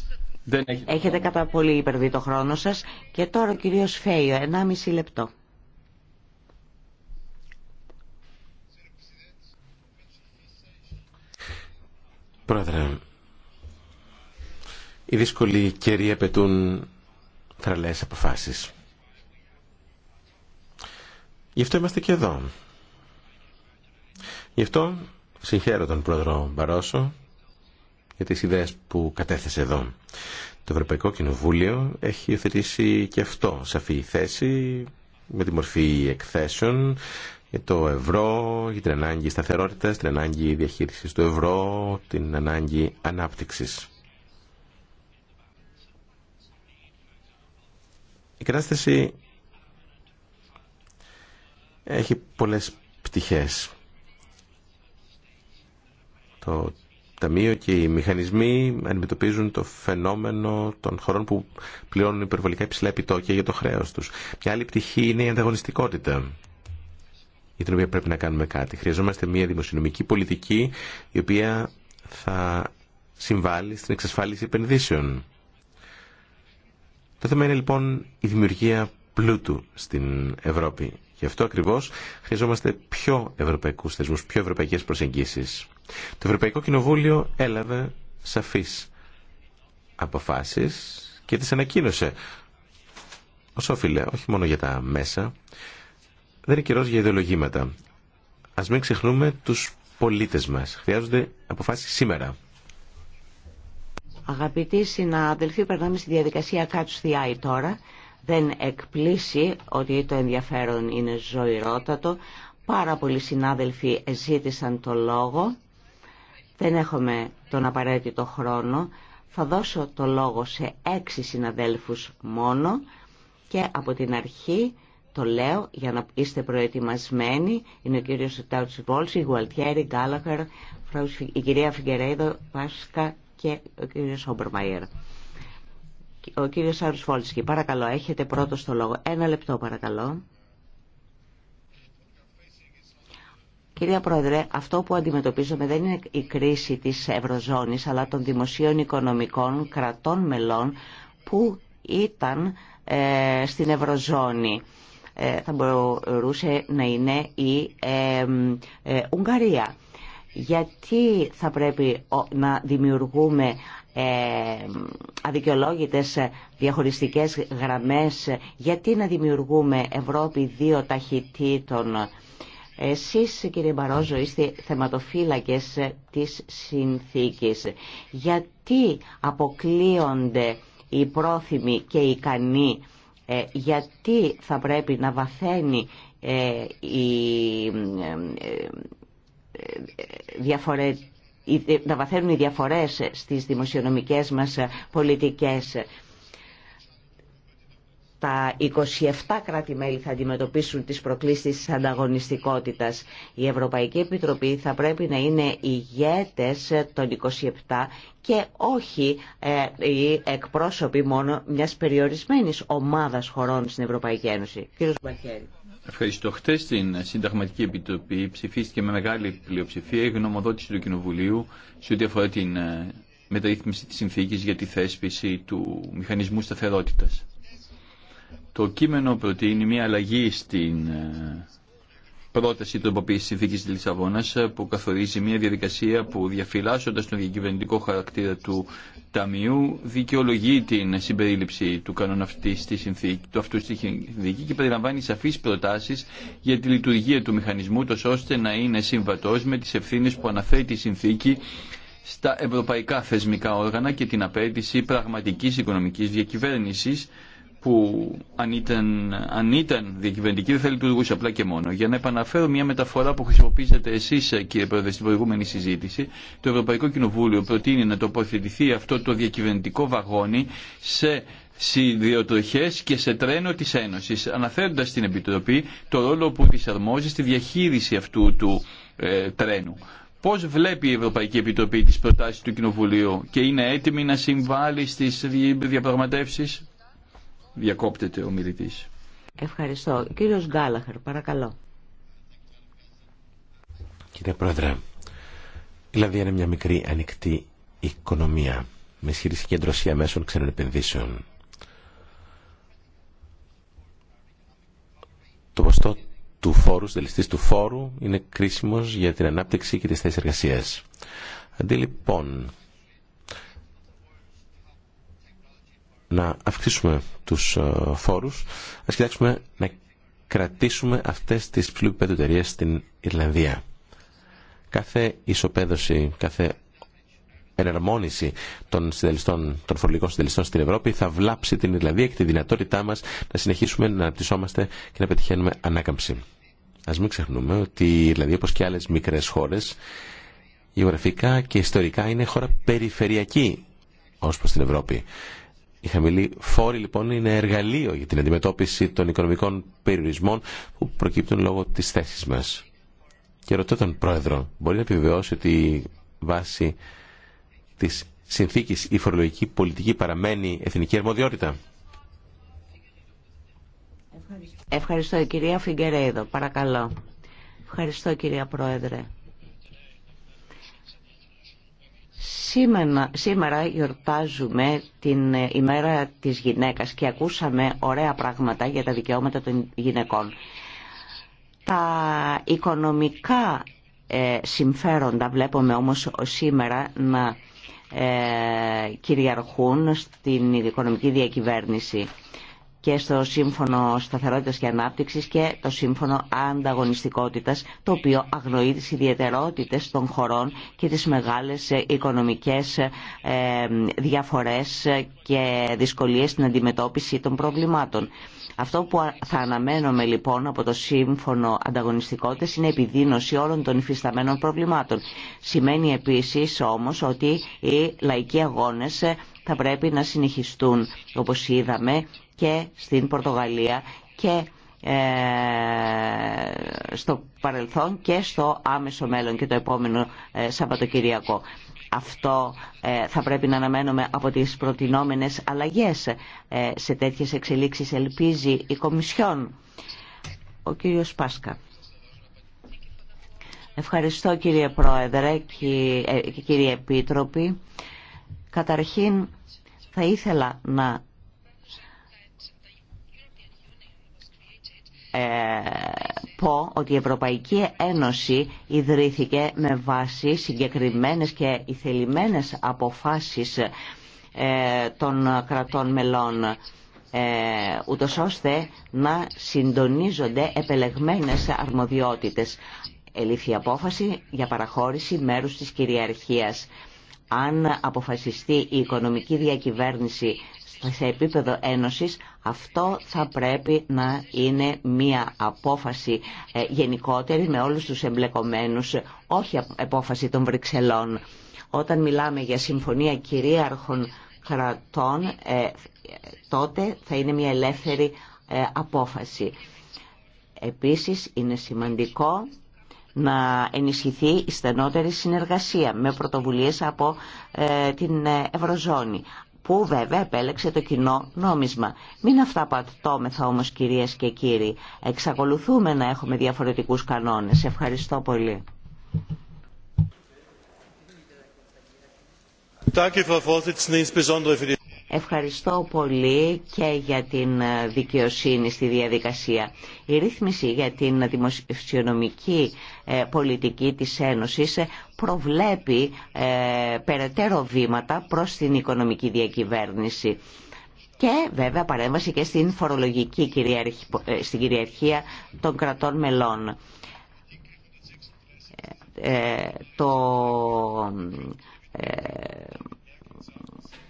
Δεν... Έχετε κατά πολύ υπερβεί το χρόνο σας. Και τώρα ο κύριο Φέιο, 1,5 λεπτό. Πρόεδρε, οι δύσκολοι καιροί απαιτούν θραλές αποφάσεις. Γι' αυτό είμαστε και εδώ. Γι' αυτό συγχαίρω τον πρόεδρο Μπαρόσο για τις ιδέες που κατέθεσε εδώ. Το Ευρωπαϊκό Κοινοβούλιο έχει υιοθετήσει και αυτό σαφή θέση με τη μορφή εκθέσεων για το ευρώ, για την ανάγκη σταθερότητας, την ανάγκη διαχείρισης του ευρώ, την ανάγκη ανάπτυξης. Η κατάσταση έχει πολλές πτυχές. Το ταμείο και οι μηχανισμοί αντιμετωπίζουν το φαινόμενο των χωρών που πληρώνουν υπερβολικά υψηλά επιτόκια για το χρέο του. Μια άλλη πτυχή είναι η ανταγωνιστικότητα για την οποία πρέπει να κάνουμε κάτι. Χρειαζόμαστε μια δημοσιονομική πολιτική η οποία θα συμβάλλει στην εξασφάλιση επενδύσεων. Το θέμα είναι λοιπόν η δημιουργία πλούτου στην Ευρώπη. Γι' αυτό ακριβώ χρειαζόμαστε πιο ευρωπαϊκού θεσμού, πιο ευρωπαϊκέ προσεγγίσει. Το Ευρωπαϊκό Κοινοβούλιο έλαβε σαφεί αποφάσει και τι ανακοίνωσε. Ω όφιλε, όχι μόνο για τα μέσα, δεν είναι καιρό για ιδεολογήματα. Α μην ξεχνούμε του πολίτε μα. Χρειάζονται αποφάσει σήμερα. Αγαπητοί συνάδελφοι, περνάμε στη διαδικασία κάτω στη ΆΗ τώρα. Δεν εκπλήσει ότι το ενδιαφέρον είναι ζωηρότατο. Πάρα πολλοί συνάδελφοι ζήτησαν το λόγο. Δεν έχουμε τον απαραίτητο χρόνο. Θα δώσω το λόγο σε έξι συναδέλφους μόνο και από την αρχή το λέω για να είστε προετοιμασμένοι. Είναι ο κύριος Τάουτς Βόλς, η Γουαλτιέρη, Γκάλαχερ, η κυρία Φιγκερέιδο, Πάσκα και ο κύριος Όμπερμαϊερ. Ο κύριος Σάρους Φόλσκι, παρακαλώ, έχετε πρώτο το λόγο. Ένα λεπτό παρακαλώ. Κυρία Πρόεδρε, αυτό που αντιμετωπίζουμε δεν είναι η κρίση της Ευρωζώνης, αλλά των δημοσίων οικονομικών κρατών μελών που ήταν ε, στην Ευρωζώνη. Ε, θα μπορούσε να είναι η ε, Ουγγαρία. Γιατί θα πρέπει να δημιουργούμε ε, αδικαιολόγητες διαχωριστικές γραμμές. Γιατί να δημιουργούμε Ευρώπη δύο ταχυτήτων. Εσείς κύριε Μπαρόζο είστε θεματοφύλακες της συνθήκης. Γιατί αποκλείονται οι πρόθυμοι και οι ικανοί. Ε, γιατί θα πρέπει να βαθαίνει ε, η διαφορετική να βαθαίνουν οι διαφορές στις δημοσιονομικές μας πολιτικές τα 27 κράτη-μέλη θα αντιμετωπίσουν τις προκλήσεις της ανταγωνιστικότητας. Η Ευρωπαϊκή Επιτροπή θα πρέπει να είναι ηγέτες των 27 και όχι ε, οι εκπρόσωποι μόνο μιας περιορισμένης ομάδας χωρών στην Ευρωπαϊκή Ένωση. Κύριος Μπαχέρη. Ευχαριστώ. Χθε στην Συνταγματική Επιτροπή ψηφίστηκε με μεγάλη πλειοψηφία η γνωμοδότηση του Κοινοβουλίου σε ό,τι αφορά την ε, μεταρρύθμιση της συνθήκης για τη θέσπιση του μηχανισμού σταθερότητας το κείμενο προτείνει μια αλλαγή στην ε, πρόταση τροποποίηση συνθήκη τη Λισαβόνα ε, που καθορίζει μια διαδικασία που διαφυλάσσοντα τον διακυβερνητικό χαρακτήρα του Ταμείου δικαιολογεί την συμπερίληψη του κανόνα αυτή στη συνθήκη, του αυτού στη συνθήκη και περιλαμβάνει σαφεί προτάσει για τη λειτουργία του μηχανισμού, τόσο ώστε να είναι συμβατό με τι ευθύνε που αναφέρει η συνθήκη στα ευρωπαϊκά θεσμικά όργανα και την απέτηση πραγματικής οικονομικής διακυβέρνησης που αν ήταν, αν ήταν διακυβερνητική δεν θα λειτουργούσε απλά και μόνο. Για να επαναφέρω μια μεταφορά που χρησιμοποίησατε εσεί ε, κύριε Πρόεδρε στην προηγούμενη συζήτηση, το Ευρωπαϊκό Κοινοβούλιο προτείνει να τοποθετηθεί αυτό το διακυβερνητικό βαγόνι σε σιδηροτροχέ και σε τρένο τη Ένωση, αναφέροντα στην Επιτροπή το ρόλο που τη αρμόζει στη διαχείριση αυτού του ε, τρένου. Πώ βλέπει η Ευρωπαϊκή Επιτροπή τι προτάσει του Κοινοβουλίου και είναι έτοιμη να συμβάλλει στι διαπραγματεύσει, Διακόπτεται ο μιλητής. Ευχαριστώ. Κύριος Γκάλαχερ, παρακαλώ. Κύριε Πρόεδρε, η λαδιά είναι μια μικρή ανοιχτή οικονομία με ισχυρή συγκέντρωση αμέσων ξένων επενδύσεων. Το ποστό του φόρου, δελεστής του φόρου, είναι κρίσιμος για την ανάπτυξη και τις θέσεις εργασίας. Αντί λοιπόν να αυξήσουμε τους ε, φόρους, ας κοιτάξουμε να κρατήσουμε αυτές τις ψηλού επίπεδου εταιρείε στην Ιρλανδία. Κάθε ισοπαίδωση, κάθε εναρμόνιση των, των φορολογικών συντελεστών στην Ευρώπη θα βλάψει την Ιρλανδία και τη δυνατότητά μας να συνεχίσουμε να αναπτυσσόμαστε και να πετυχαίνουμε ανάκαμψη. Ας μην ξεχνούμε ότι η Ιρλανδία, όπως και άλλες μικρές χώρες, γεωγραφικά και ιστορικά είναι χώρα περιφερειακή ως προς την Ευρώπη. Οι χαμηλοί φόροι λοιπόν είναι εργαλείο για την αντιμετώπιση των οικονομικών περιορισμών που προκύπτουν λόγω της θέση μας. Και ρωτώ τον Πρόεδρο, μπορεί να επιβεβαιώσει ότι βάσει της συνθήκης η φορολογική πολιτική παραμένει εθνική αρμοδιότητα. Ευχαριστώ κυρία Φιγκερέιδο, παρακαλώ. Ευχαριστώ κυρία Πρόεδρε. Σήμερα, σήμερα γιορτάζουμε την ε, ημέρα της γυναίκας και ακούσαμε ωραία πράγματα για τα δικαιώματα των γυναικών. Τα οικονομικά ε, συμφέροντα βλέπουμε όμως σήμερα να ε, κυριαρχούν στην οικονομική διακυβέρνηση και στο Σύμφωνο Σταθερότητας και Ανάπτυξης και το Σύμφωνο Ανταγωνιστικότητας, το οποίο αγνοεί τις ιδιαιτερότητες των χωρών και τις μεγάλες οικονομικές ε, διαφορές και δυσκολίες στην αντιμετώπιση των προβλημάτων. Αυτό που θα αναμένουμε λοιπόν από το Σύμφωνο Ανταγωνιστικότητας είναι επιδείνωση όλων των υφισταμένων προβλημάτων. Σημαίνει επίσης όμως ότι οι λαϊκοί αγώνες θα πρέπει να συνεχιστούν. Όπως είδαμε και στην Πορτογαλία και ε, στο παρελθόν και στο άμεσο μέλλον και το επόμενο ε, Σαββατοκυριακό. Αυτό ε, θα πρέπει να αναμένουμε από τις προτινόμενες αλλαγές. Σε τέτοιες εξελίξεις ελπίζει η Κομισιόν. Ο κύριος Πάσκα. Ευχαριστώ κύριε Πρόεδρε και κύριε Επίτροπη. Καταρχήν θα ήθελα να Ε, πω ότι η Ευρωπαϊκή Ένωση ιδρύθηκε με βάση συγκεκριμένες και ηθελημένες αποφάσεις ε, των κρατών μελών ε, ούτως ώστε να συντονίζονται επελεγμένες αρμοδιότητες. Ελήφθη απόφαση για παραχώρηση μέρους της κυριαρχίας. Αν αποφασιστεί η οικονομική διακυβέρνηση σε επίπεδο ένωσης αυτό θα πρέπει να είναι μία απόφαση ε, γενικότερη με όλους τους εμπλεκομένους, όχι απόφαση των Βρυξελών. Όταν μιλάμε για συμφωνία κυρίαρχων κρατών, ε, τότε θα είναι μία ελεύθερη ε, απόφαση. Επίσης είναι σημαντικό να ενισχυθεί η στενότερη συνεργασία με πρωτοβουλίες από την Ευρωζώνη που βέβαια επέλεξε το κοινό νόμισμα. Μην αυτά πατώμεθα όμως κυρίες και κύριοι. Εξακολουθούμε να έχουμε διαφορετικούς κανόνες. Ευχαριστώ πολύ. Danke, Vorsitzende, insbesondere Ευχαριστώ πολύ και για την ε, δικαιοσύνη στη διαδικασία. Η ρύθμιση για την δημοσιονομική ε, πολιτική της Ένωσης ε, προβλέπει περαιτέρω βήματα προς την οικονομική διακυβέρνηση και βέβαια παρέμβαση και στην φορολογική στην κυριαρχία των κρατών μελών. το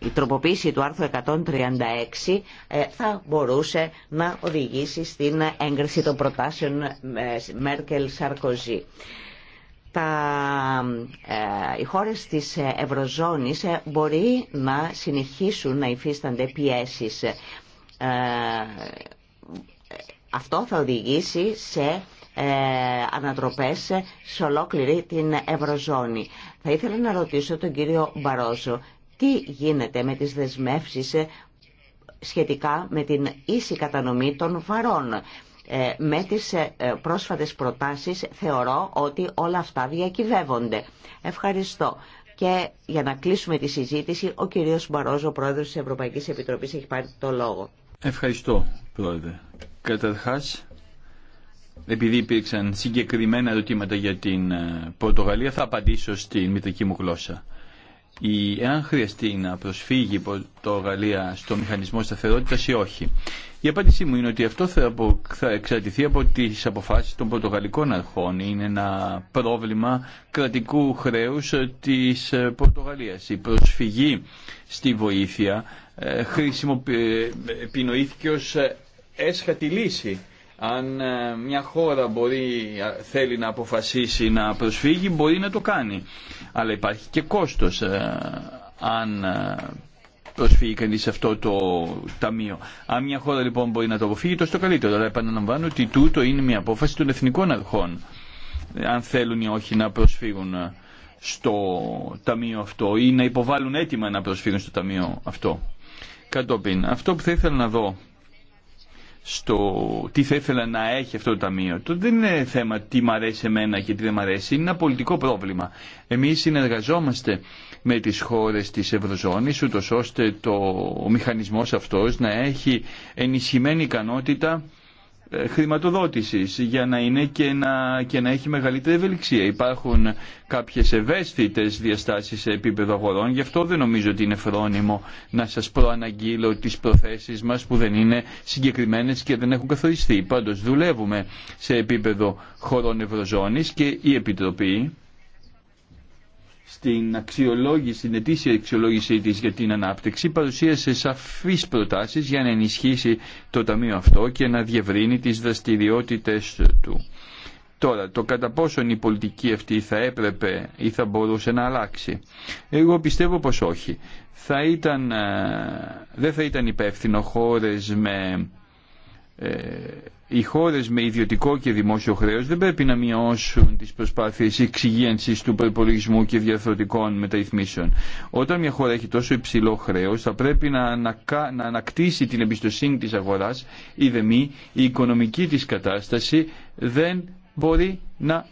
η τροποποίηση του άρθρου 136 ε, θα μπορούσε να οδηγήσει στην έγκριση των προτάσεων ε, Μέρκελ-Σαρκοζή. Τα, ε, οι χώρες της Ευρωζώνης μπορεί να συνεχίσουν να υφίστανται πιέσεις. αυτό θα οδηγήσει σε ε, ανατροπές σε ολόκληρη την Ευρωζώνη. Θα ήθελα να ρωτήσω τον κύριο Μπαρόζο τι γίνεται με τις δεσμεύσεις ε, σχετικά με την ίση κατανομή των βαρών. Ε, με τις ε, πρόσφατες προτάσεις θεωρώ ότι όλα αυτά διακυβεύονται. Ευχαριστώ. Και για να κλείσουμε τη συζήτηση, ο κύριος Μπαρόζο, πρόεδρος της Ευρωπαϊκής Επιτροπής, έχει πάρει το λόγο. Ευχαριστώ, πρόεδρε. Καταρχάς, επειδή υπήρξαν συγκεκριμένα ερωτήματα για την Πορτογαλία, θα απαντήσω στη μητρική μου γλώσσα η, εάν χρειαστεί να προσφύγει η Πορτογαλία στο μηχανισμό σταθερότητας ή όχι. Η απάντησή μου είναι ότι αυτό θα, απο, εξαρτηθεί από τι αποφασει των πορτογαλικών αρχών. Είναι ένα πρόβλημα κρατικού χρέους ε, της ε, Πορτογαλίας. Η προσφυγή στη βοήθεια ε, επινοήθηκε ω έσχατη λύση. Αν μια χώρα μπορεί, θέλει να αποφασίσει να προσφύγει, μπορεί να το κάνει αλλά υπάρχει και κόστος ε, αν ε, προσφύγει κανείς σε αυτό το ταμείο. Αν μια χώρα λοιπόν μπορεί να το αποφύγει, τόσο το καλύτερο. Αλλά επαναλαμβάνω ότι τούτο είναι μια απόφαση των εθνικών αρχών. Αν θέλουν ή όχι να προσφύγουν ε, στο ταμείο αυτό ή να υποβάλουν έτοιμα να προσφύγουν στο ταμείο αυτό. Κατόπιν, αυτό που θα ήθελα να δω στο τι θα ήθελα να έχει αυτό το ταμείο. Το δεν είναι θέμα τι μ' αρέσει εμένα και τι δεν μ' αρέσει. Είναι ένα πολιτικό πρόβλημα. Εμείς συνεργαζόμαστε με τις χώρες της Ευρωζώνης, ούτως ώστε το, ο μηχανισμός αυτός να έχει ενισχυμένη ικανότητα ε, χρηματοδότησης για να είναι και να, και να έχει μεγαλύτερη ευελιξία. Υπάρχουν κάποιες ευαίσθητες διαστάσεις σε επίπεδο αγορών, γι' αυτό δεν νομίζω ότι είναι φρόνιμο να σας προαναγγείλω τις προθέσεις μας που δεν είναι συγκεκριμένες και δεν έχουν καθοριστεί. Πάντως δουλεύουμε σε επίπεδο χωρών Ευρωζώνης και η Επιτροπή στην αξιολόγηση, την ετήσια αξιολόγησή τη για την ανάπτυξη παρουσίασε σαφεί προτάσει για να ενισχύσει το ταμείο αυτό και να διευρύνει τι δραστηριότητε του. Τώρα, το κατά πόσον η πολιτική αυτή θα έπρεπε ή θα μπορούσε να αλλάξει. Εγώ πιστεύω πως όχι. Θα ήταν, ε, δεν θα ήταν υπεύθυνο χώρες με ε, οι χώρε με ιδιωτικό και δημόσιο χρέο δεν πρέπει να μειώσουν τι προσπάθειε εξυγίανση του προπολογισμού και διαρθρωτικών μεταρρυθμίσεων. Όταν μια χώρα έχει τόσο υψηλό χρέο, θα πρέπει να, ανακτήσει την εμπιστοσύνη τη αγορά η οικονομική τη κατάσταση δεν μπορεί να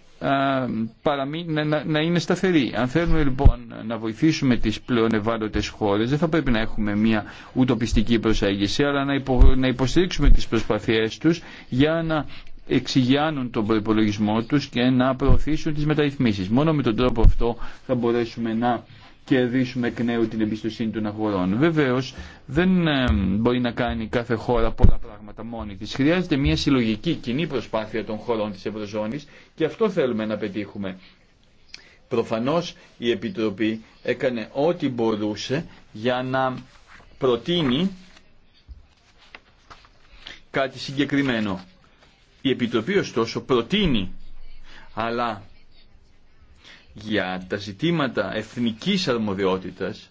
να, είναι σταθερή. Αν θέλουμε λοιπόν να βοηθήσουμε τις πλέον ευάλωτε χώρες δεν θα πρέπει να έχουμε μια ουτοπιστική προσέγγιση αλλά να, να υποστηρίξουμε τις προσπαθίες τους για να εξηγιάνουν τον προπολογισμό τους και να προωθήσουν τις μεταρρυθμίσεις. Μόνο με τον τρόπο αυτό θα μπορέσουμε να κερδίσουμε εκ νέου την εμπιστοσύνη των αγορών. Βεβαίω, δεν ε, μπορεί να κάνει κάθε χώρα πολλά πράγματα μόνη τη. Χρειάζεται μια συλλογική κοινή προσπάθεια των χωρών τη Ευρωζώνη και αυτό θέλουμε να πετύχουμε. Προφανώ η Επιτροπή έκανε ό,τι μπορούσε για να προτείνει κάτι συγκεκριμένο. Η Επιτροπή ωστόσο προτείνει αλλά για τα ζητήματα εθνικής αρμοδιότητας,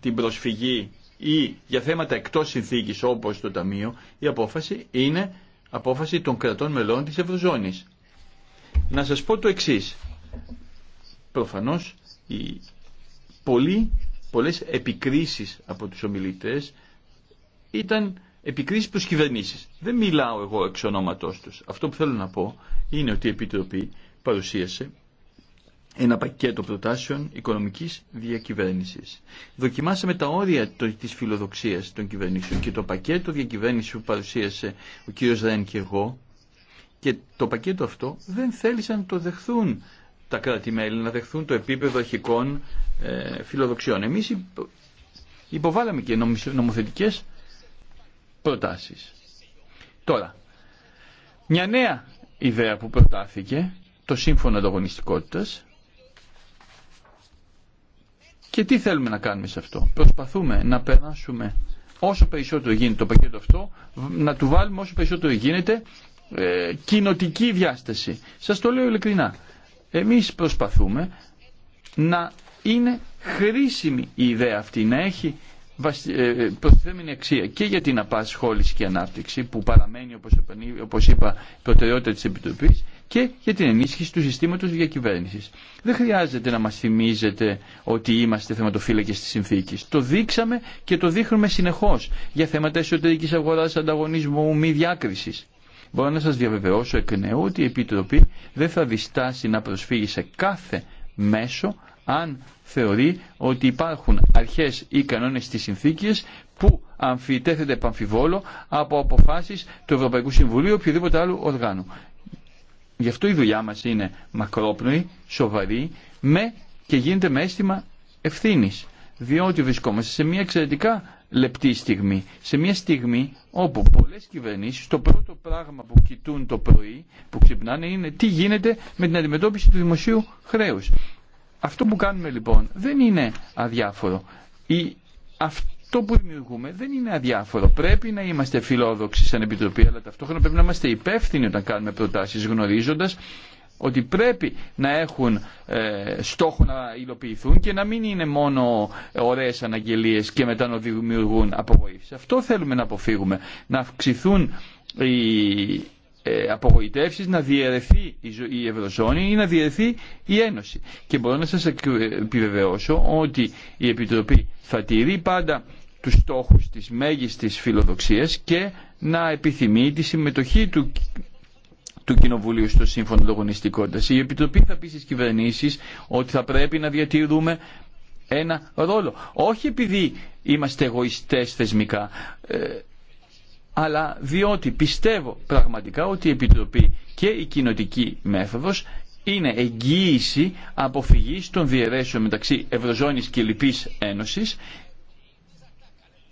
την προσφυγή ή για θέματα εκτός συνθήκης όπως το Ταμείο, η απόφαση είναι απόφαση των κρατών μελών της Ευρωζώνης. Να σας πω το εξής. Προφανώς οι πολλοί, πολλές επικρίσεις από τους ομιλητές ήταν επικρίσεις προς κυβερνήσεις. Δεν μιλάω εγώ εξ ονόματός τους. Αυτό που θέλω να πω είναι ότι η Επιτροπή παρουσίασε ένα πακέτο προτάσεων οικονομικής διακυβέρνησης. Δοκιμάσαμε τα όρια της φιλοδοξίας των κυβερνήσεων και το πακέτο διακυβέρνησης που παρουσίασε ο κύριος Ρεν και εγώ και το πακέτο αυτό δεν θέλησαν να το δεχθούν τα κράτη-μέλη, να δεχθούν το επίπεδο αρχικών ε, φιλοδοξιών. Εμείς υποβάλαμε και νομοθετικές προτάσεις. Τώρα, μια νέα ιδέα που προτάθηκε, το σύμφωνο ανταγωνιστικότητας και τι θέλουμε να κάνουμε σε αυτό. Προσπαθούμε να περάσουμε όσο περισσότερο γίνεται το πακέτο αυτό, να του βάλουμε όσο περισσότερο γίνεται ε, κοινοτική διάσταση. Σας το λέω ειλικρινά. Εμείς προσπαθούμε να είναι χρήσιμη η ιδέα αυτή, να έχει ε, ε, προστιθέμενη αξία και για την απασχόληση και ανάπτυξη που παραμένει όπως είπα προτεραιότητα της Επιτροπής και για την ενίσχυση του συστήματος διακυβέρνησης. Δεν χρειάζεται να μας θυμίζετε ότι είμαστε θεματοφύλακες της συνθήκης. Το δείξαμε και το δείχνουμε συνεχώς για θέματα εσωτερικής αγοράς, ανταγωνισμού, μη διάκρισης. Μπορώ να σας διαβεβαιώσω εκ νέου ότι η Επιτροπή δεν θα διστάσει να προσφύγει σε κάθε μέσο αν θεωρεί ότι υπάρχουν αρχές ή κανόνες της συνθήκης που αμφιτέθεται επαμφιβόλο από αποφάσεις του Ευρωπαϊκού Συμβουλίου ή οποιοδήποτε άλλου οργάνου. Γι' αυτό η κανονες στις συνθηκες που αμφιτεθεται επαμφιβολο απο αποφασεις του ευρωπαικου συμβουλιου η οποιοδηποτε αλλου οργανου γι αυτο η δουλεια μας είναι μακρόπνοη, σοβαρή με και γίνεται με αίσθημα ευθύνης. Διότι βρισκόμαστε σε μια εξαιρετικά λεπτή στιγμή. Σε μια στιγμή όπου πολλές κυβερνήσει το πρώτο πράγμα που κοιτούν το πρωί, που ξυπνάνε είναι τι γίνεται με την αντιμετώπιση του δημοσίου χρέους. Αυτό που κάνουμε λοιπόν δεν είναι αδιάφορο. Η, αυτό που δημιουργούμε δεν είναι αδιάφορο. Πρέπει να είμαστε φιλόδοξοι σαν Επιτροπή, αλλά ταυτόχρονα πρέπει να είμαστε υπεύθυνοι όταν κάνουμε προτάσεις γνωρίζοντας ότι πρέπει να έχουν ε, στόχο να υλοποιηθούν και να μην είναι μόνο ωραίες αναγγελίες και μετά να δημιουργούν απογοήσεις. Αυτό θέλουμε να αποφύγουμε, να αυξηθούν οι ε, να διαιρεθεί η Ευρωζώνη ή να διαιρεθεί η Ένωση. Και μπορώ να σας επιβεβαιώσω ότι η Επιτροπή θα τηρεί πάντα τους στόχους της μέγιστης φιλοδοξίας και να επιθυμεί τη συμμετοχή του του Κοινοβουλίου στο Σύμφωνο Λογονιστικότητας. Η Επιτροπή θα πει στις κυβερνήσεις ότι θα πρέπει να διατηρούμε ένα ρόλο. Όχι επειδή είμαστε εγωιστές θεσμικά. Ε, αλλά διότι πιστεύω πραγματικά ότι η Επιτροπή και η κοινοτική μέθοδος είναι εγγύηση αποφυγής των διαιρέσεων μεταξύ Ευρωζώνης και Λυπής Ένωσης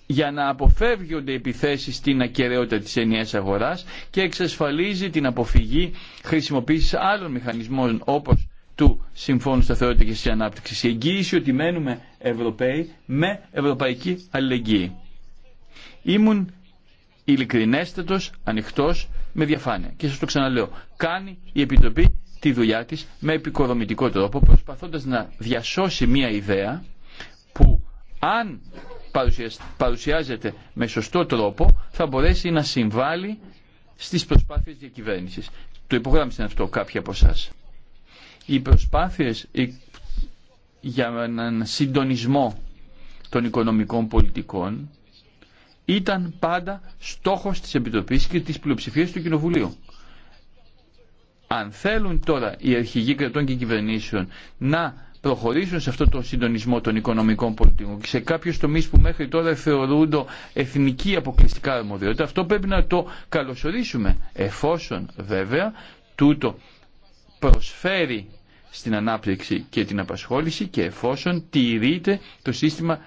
για να αποφεύγονται επιθέσεις στην ακαιρεότητα της ενιαίας αγοράς και εξασφαλίζει την αποφυγή χρησιμοποίησης άλλων μηχανισμών όπως του Συμφώνου Σταθερότητα και της Ανάπτυξης. εγγύηση ότι μένουμε Ευρωπαίοι με ευρωπαϊκή αλληλεγγύη. Ήμουν ειλικρινέστετος, ανοιχτός, με διαφάνεια. Και σας το ξαναλέω, κάνει η Επιτροπή τη δουλειά της με επικοδομητικό τρόπο, προσπαθώντας να διασώσει μια ιδέα που αν παρουσιάζεται με σωστό τρόπο θα μπορέσει να συμβάλλει στις προσπάθειες διακυβέρνησης. Το υπογράμμισαν αυτό κάποιοι από εσά. Οι προσπάθειες για έναν συντονισμό των οικονομικών πολιτικών ήταν πάντα στόχος της Επιτροπής και της πλειοψηφίας του Κοινοβουλίου. Αν θέλουν τώρα οι αρχηγοί κρατών και κυβερνήσεων να προχωρήσουν σε αυτό το συντονισμό των οικονομικών πολιτικών και σε κάποιου τομεί που μέχρι τώρα θεωρούνται εθνική αποκλειστικά αρμοδιότητα, αυτό πρέπει να το καλωσορίσουμε. Εφόσον βέβαια τούτο προσφέρει στην ανάπτυξη και την απασχόληση και εφόσον τηρείται το σύστημα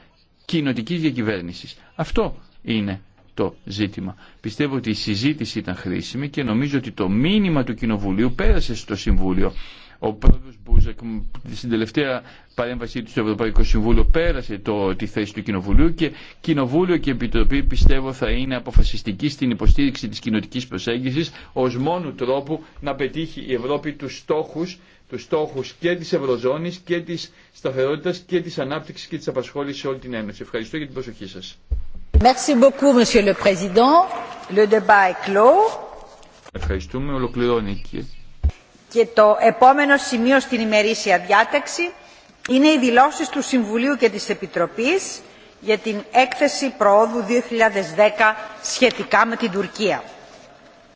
κοινοτική διακυβέρνηση. Αυτό είναι το ζήτημα. Πιστεύω ότι η συζήτηση ήταν χρήσιμη και νομίζω ότι το μήνυμα του Κοινοβουλίου πέρασε στο Συμβούλιο. Ο πρόεδρος Μπούζεκ στην τελευταία παρέμβασή του στο Ευρωπαϊκό Συμβούλιο πέρασε το, τη θέση του Κοινοβουλίου και Κοινοβούλιο και Επιτροπή πιστεύω θα είναι αποφασιστική στην υποστήριξη της κοινοτικής προσέγγισης ως μόνο τρόπο να πετύχει η Ευρώπη τους στόχους τους στόχους και της Ευρωζώνης και της σταθερότητας και της ανάπτυξης και της απασχόλησης σε όλη την Ένωση. Ευχαριστώ για την προσοχή σας. Ευχαριστούμε. ολοκληρώνει Και το επόμενο σημείο στην ημερήσια διάταξη είναι οι δηλώσει του Συμβουλίου και της Επιτροπής για την έκθεση προόδου 2010 σχετικά με την Τουρκία.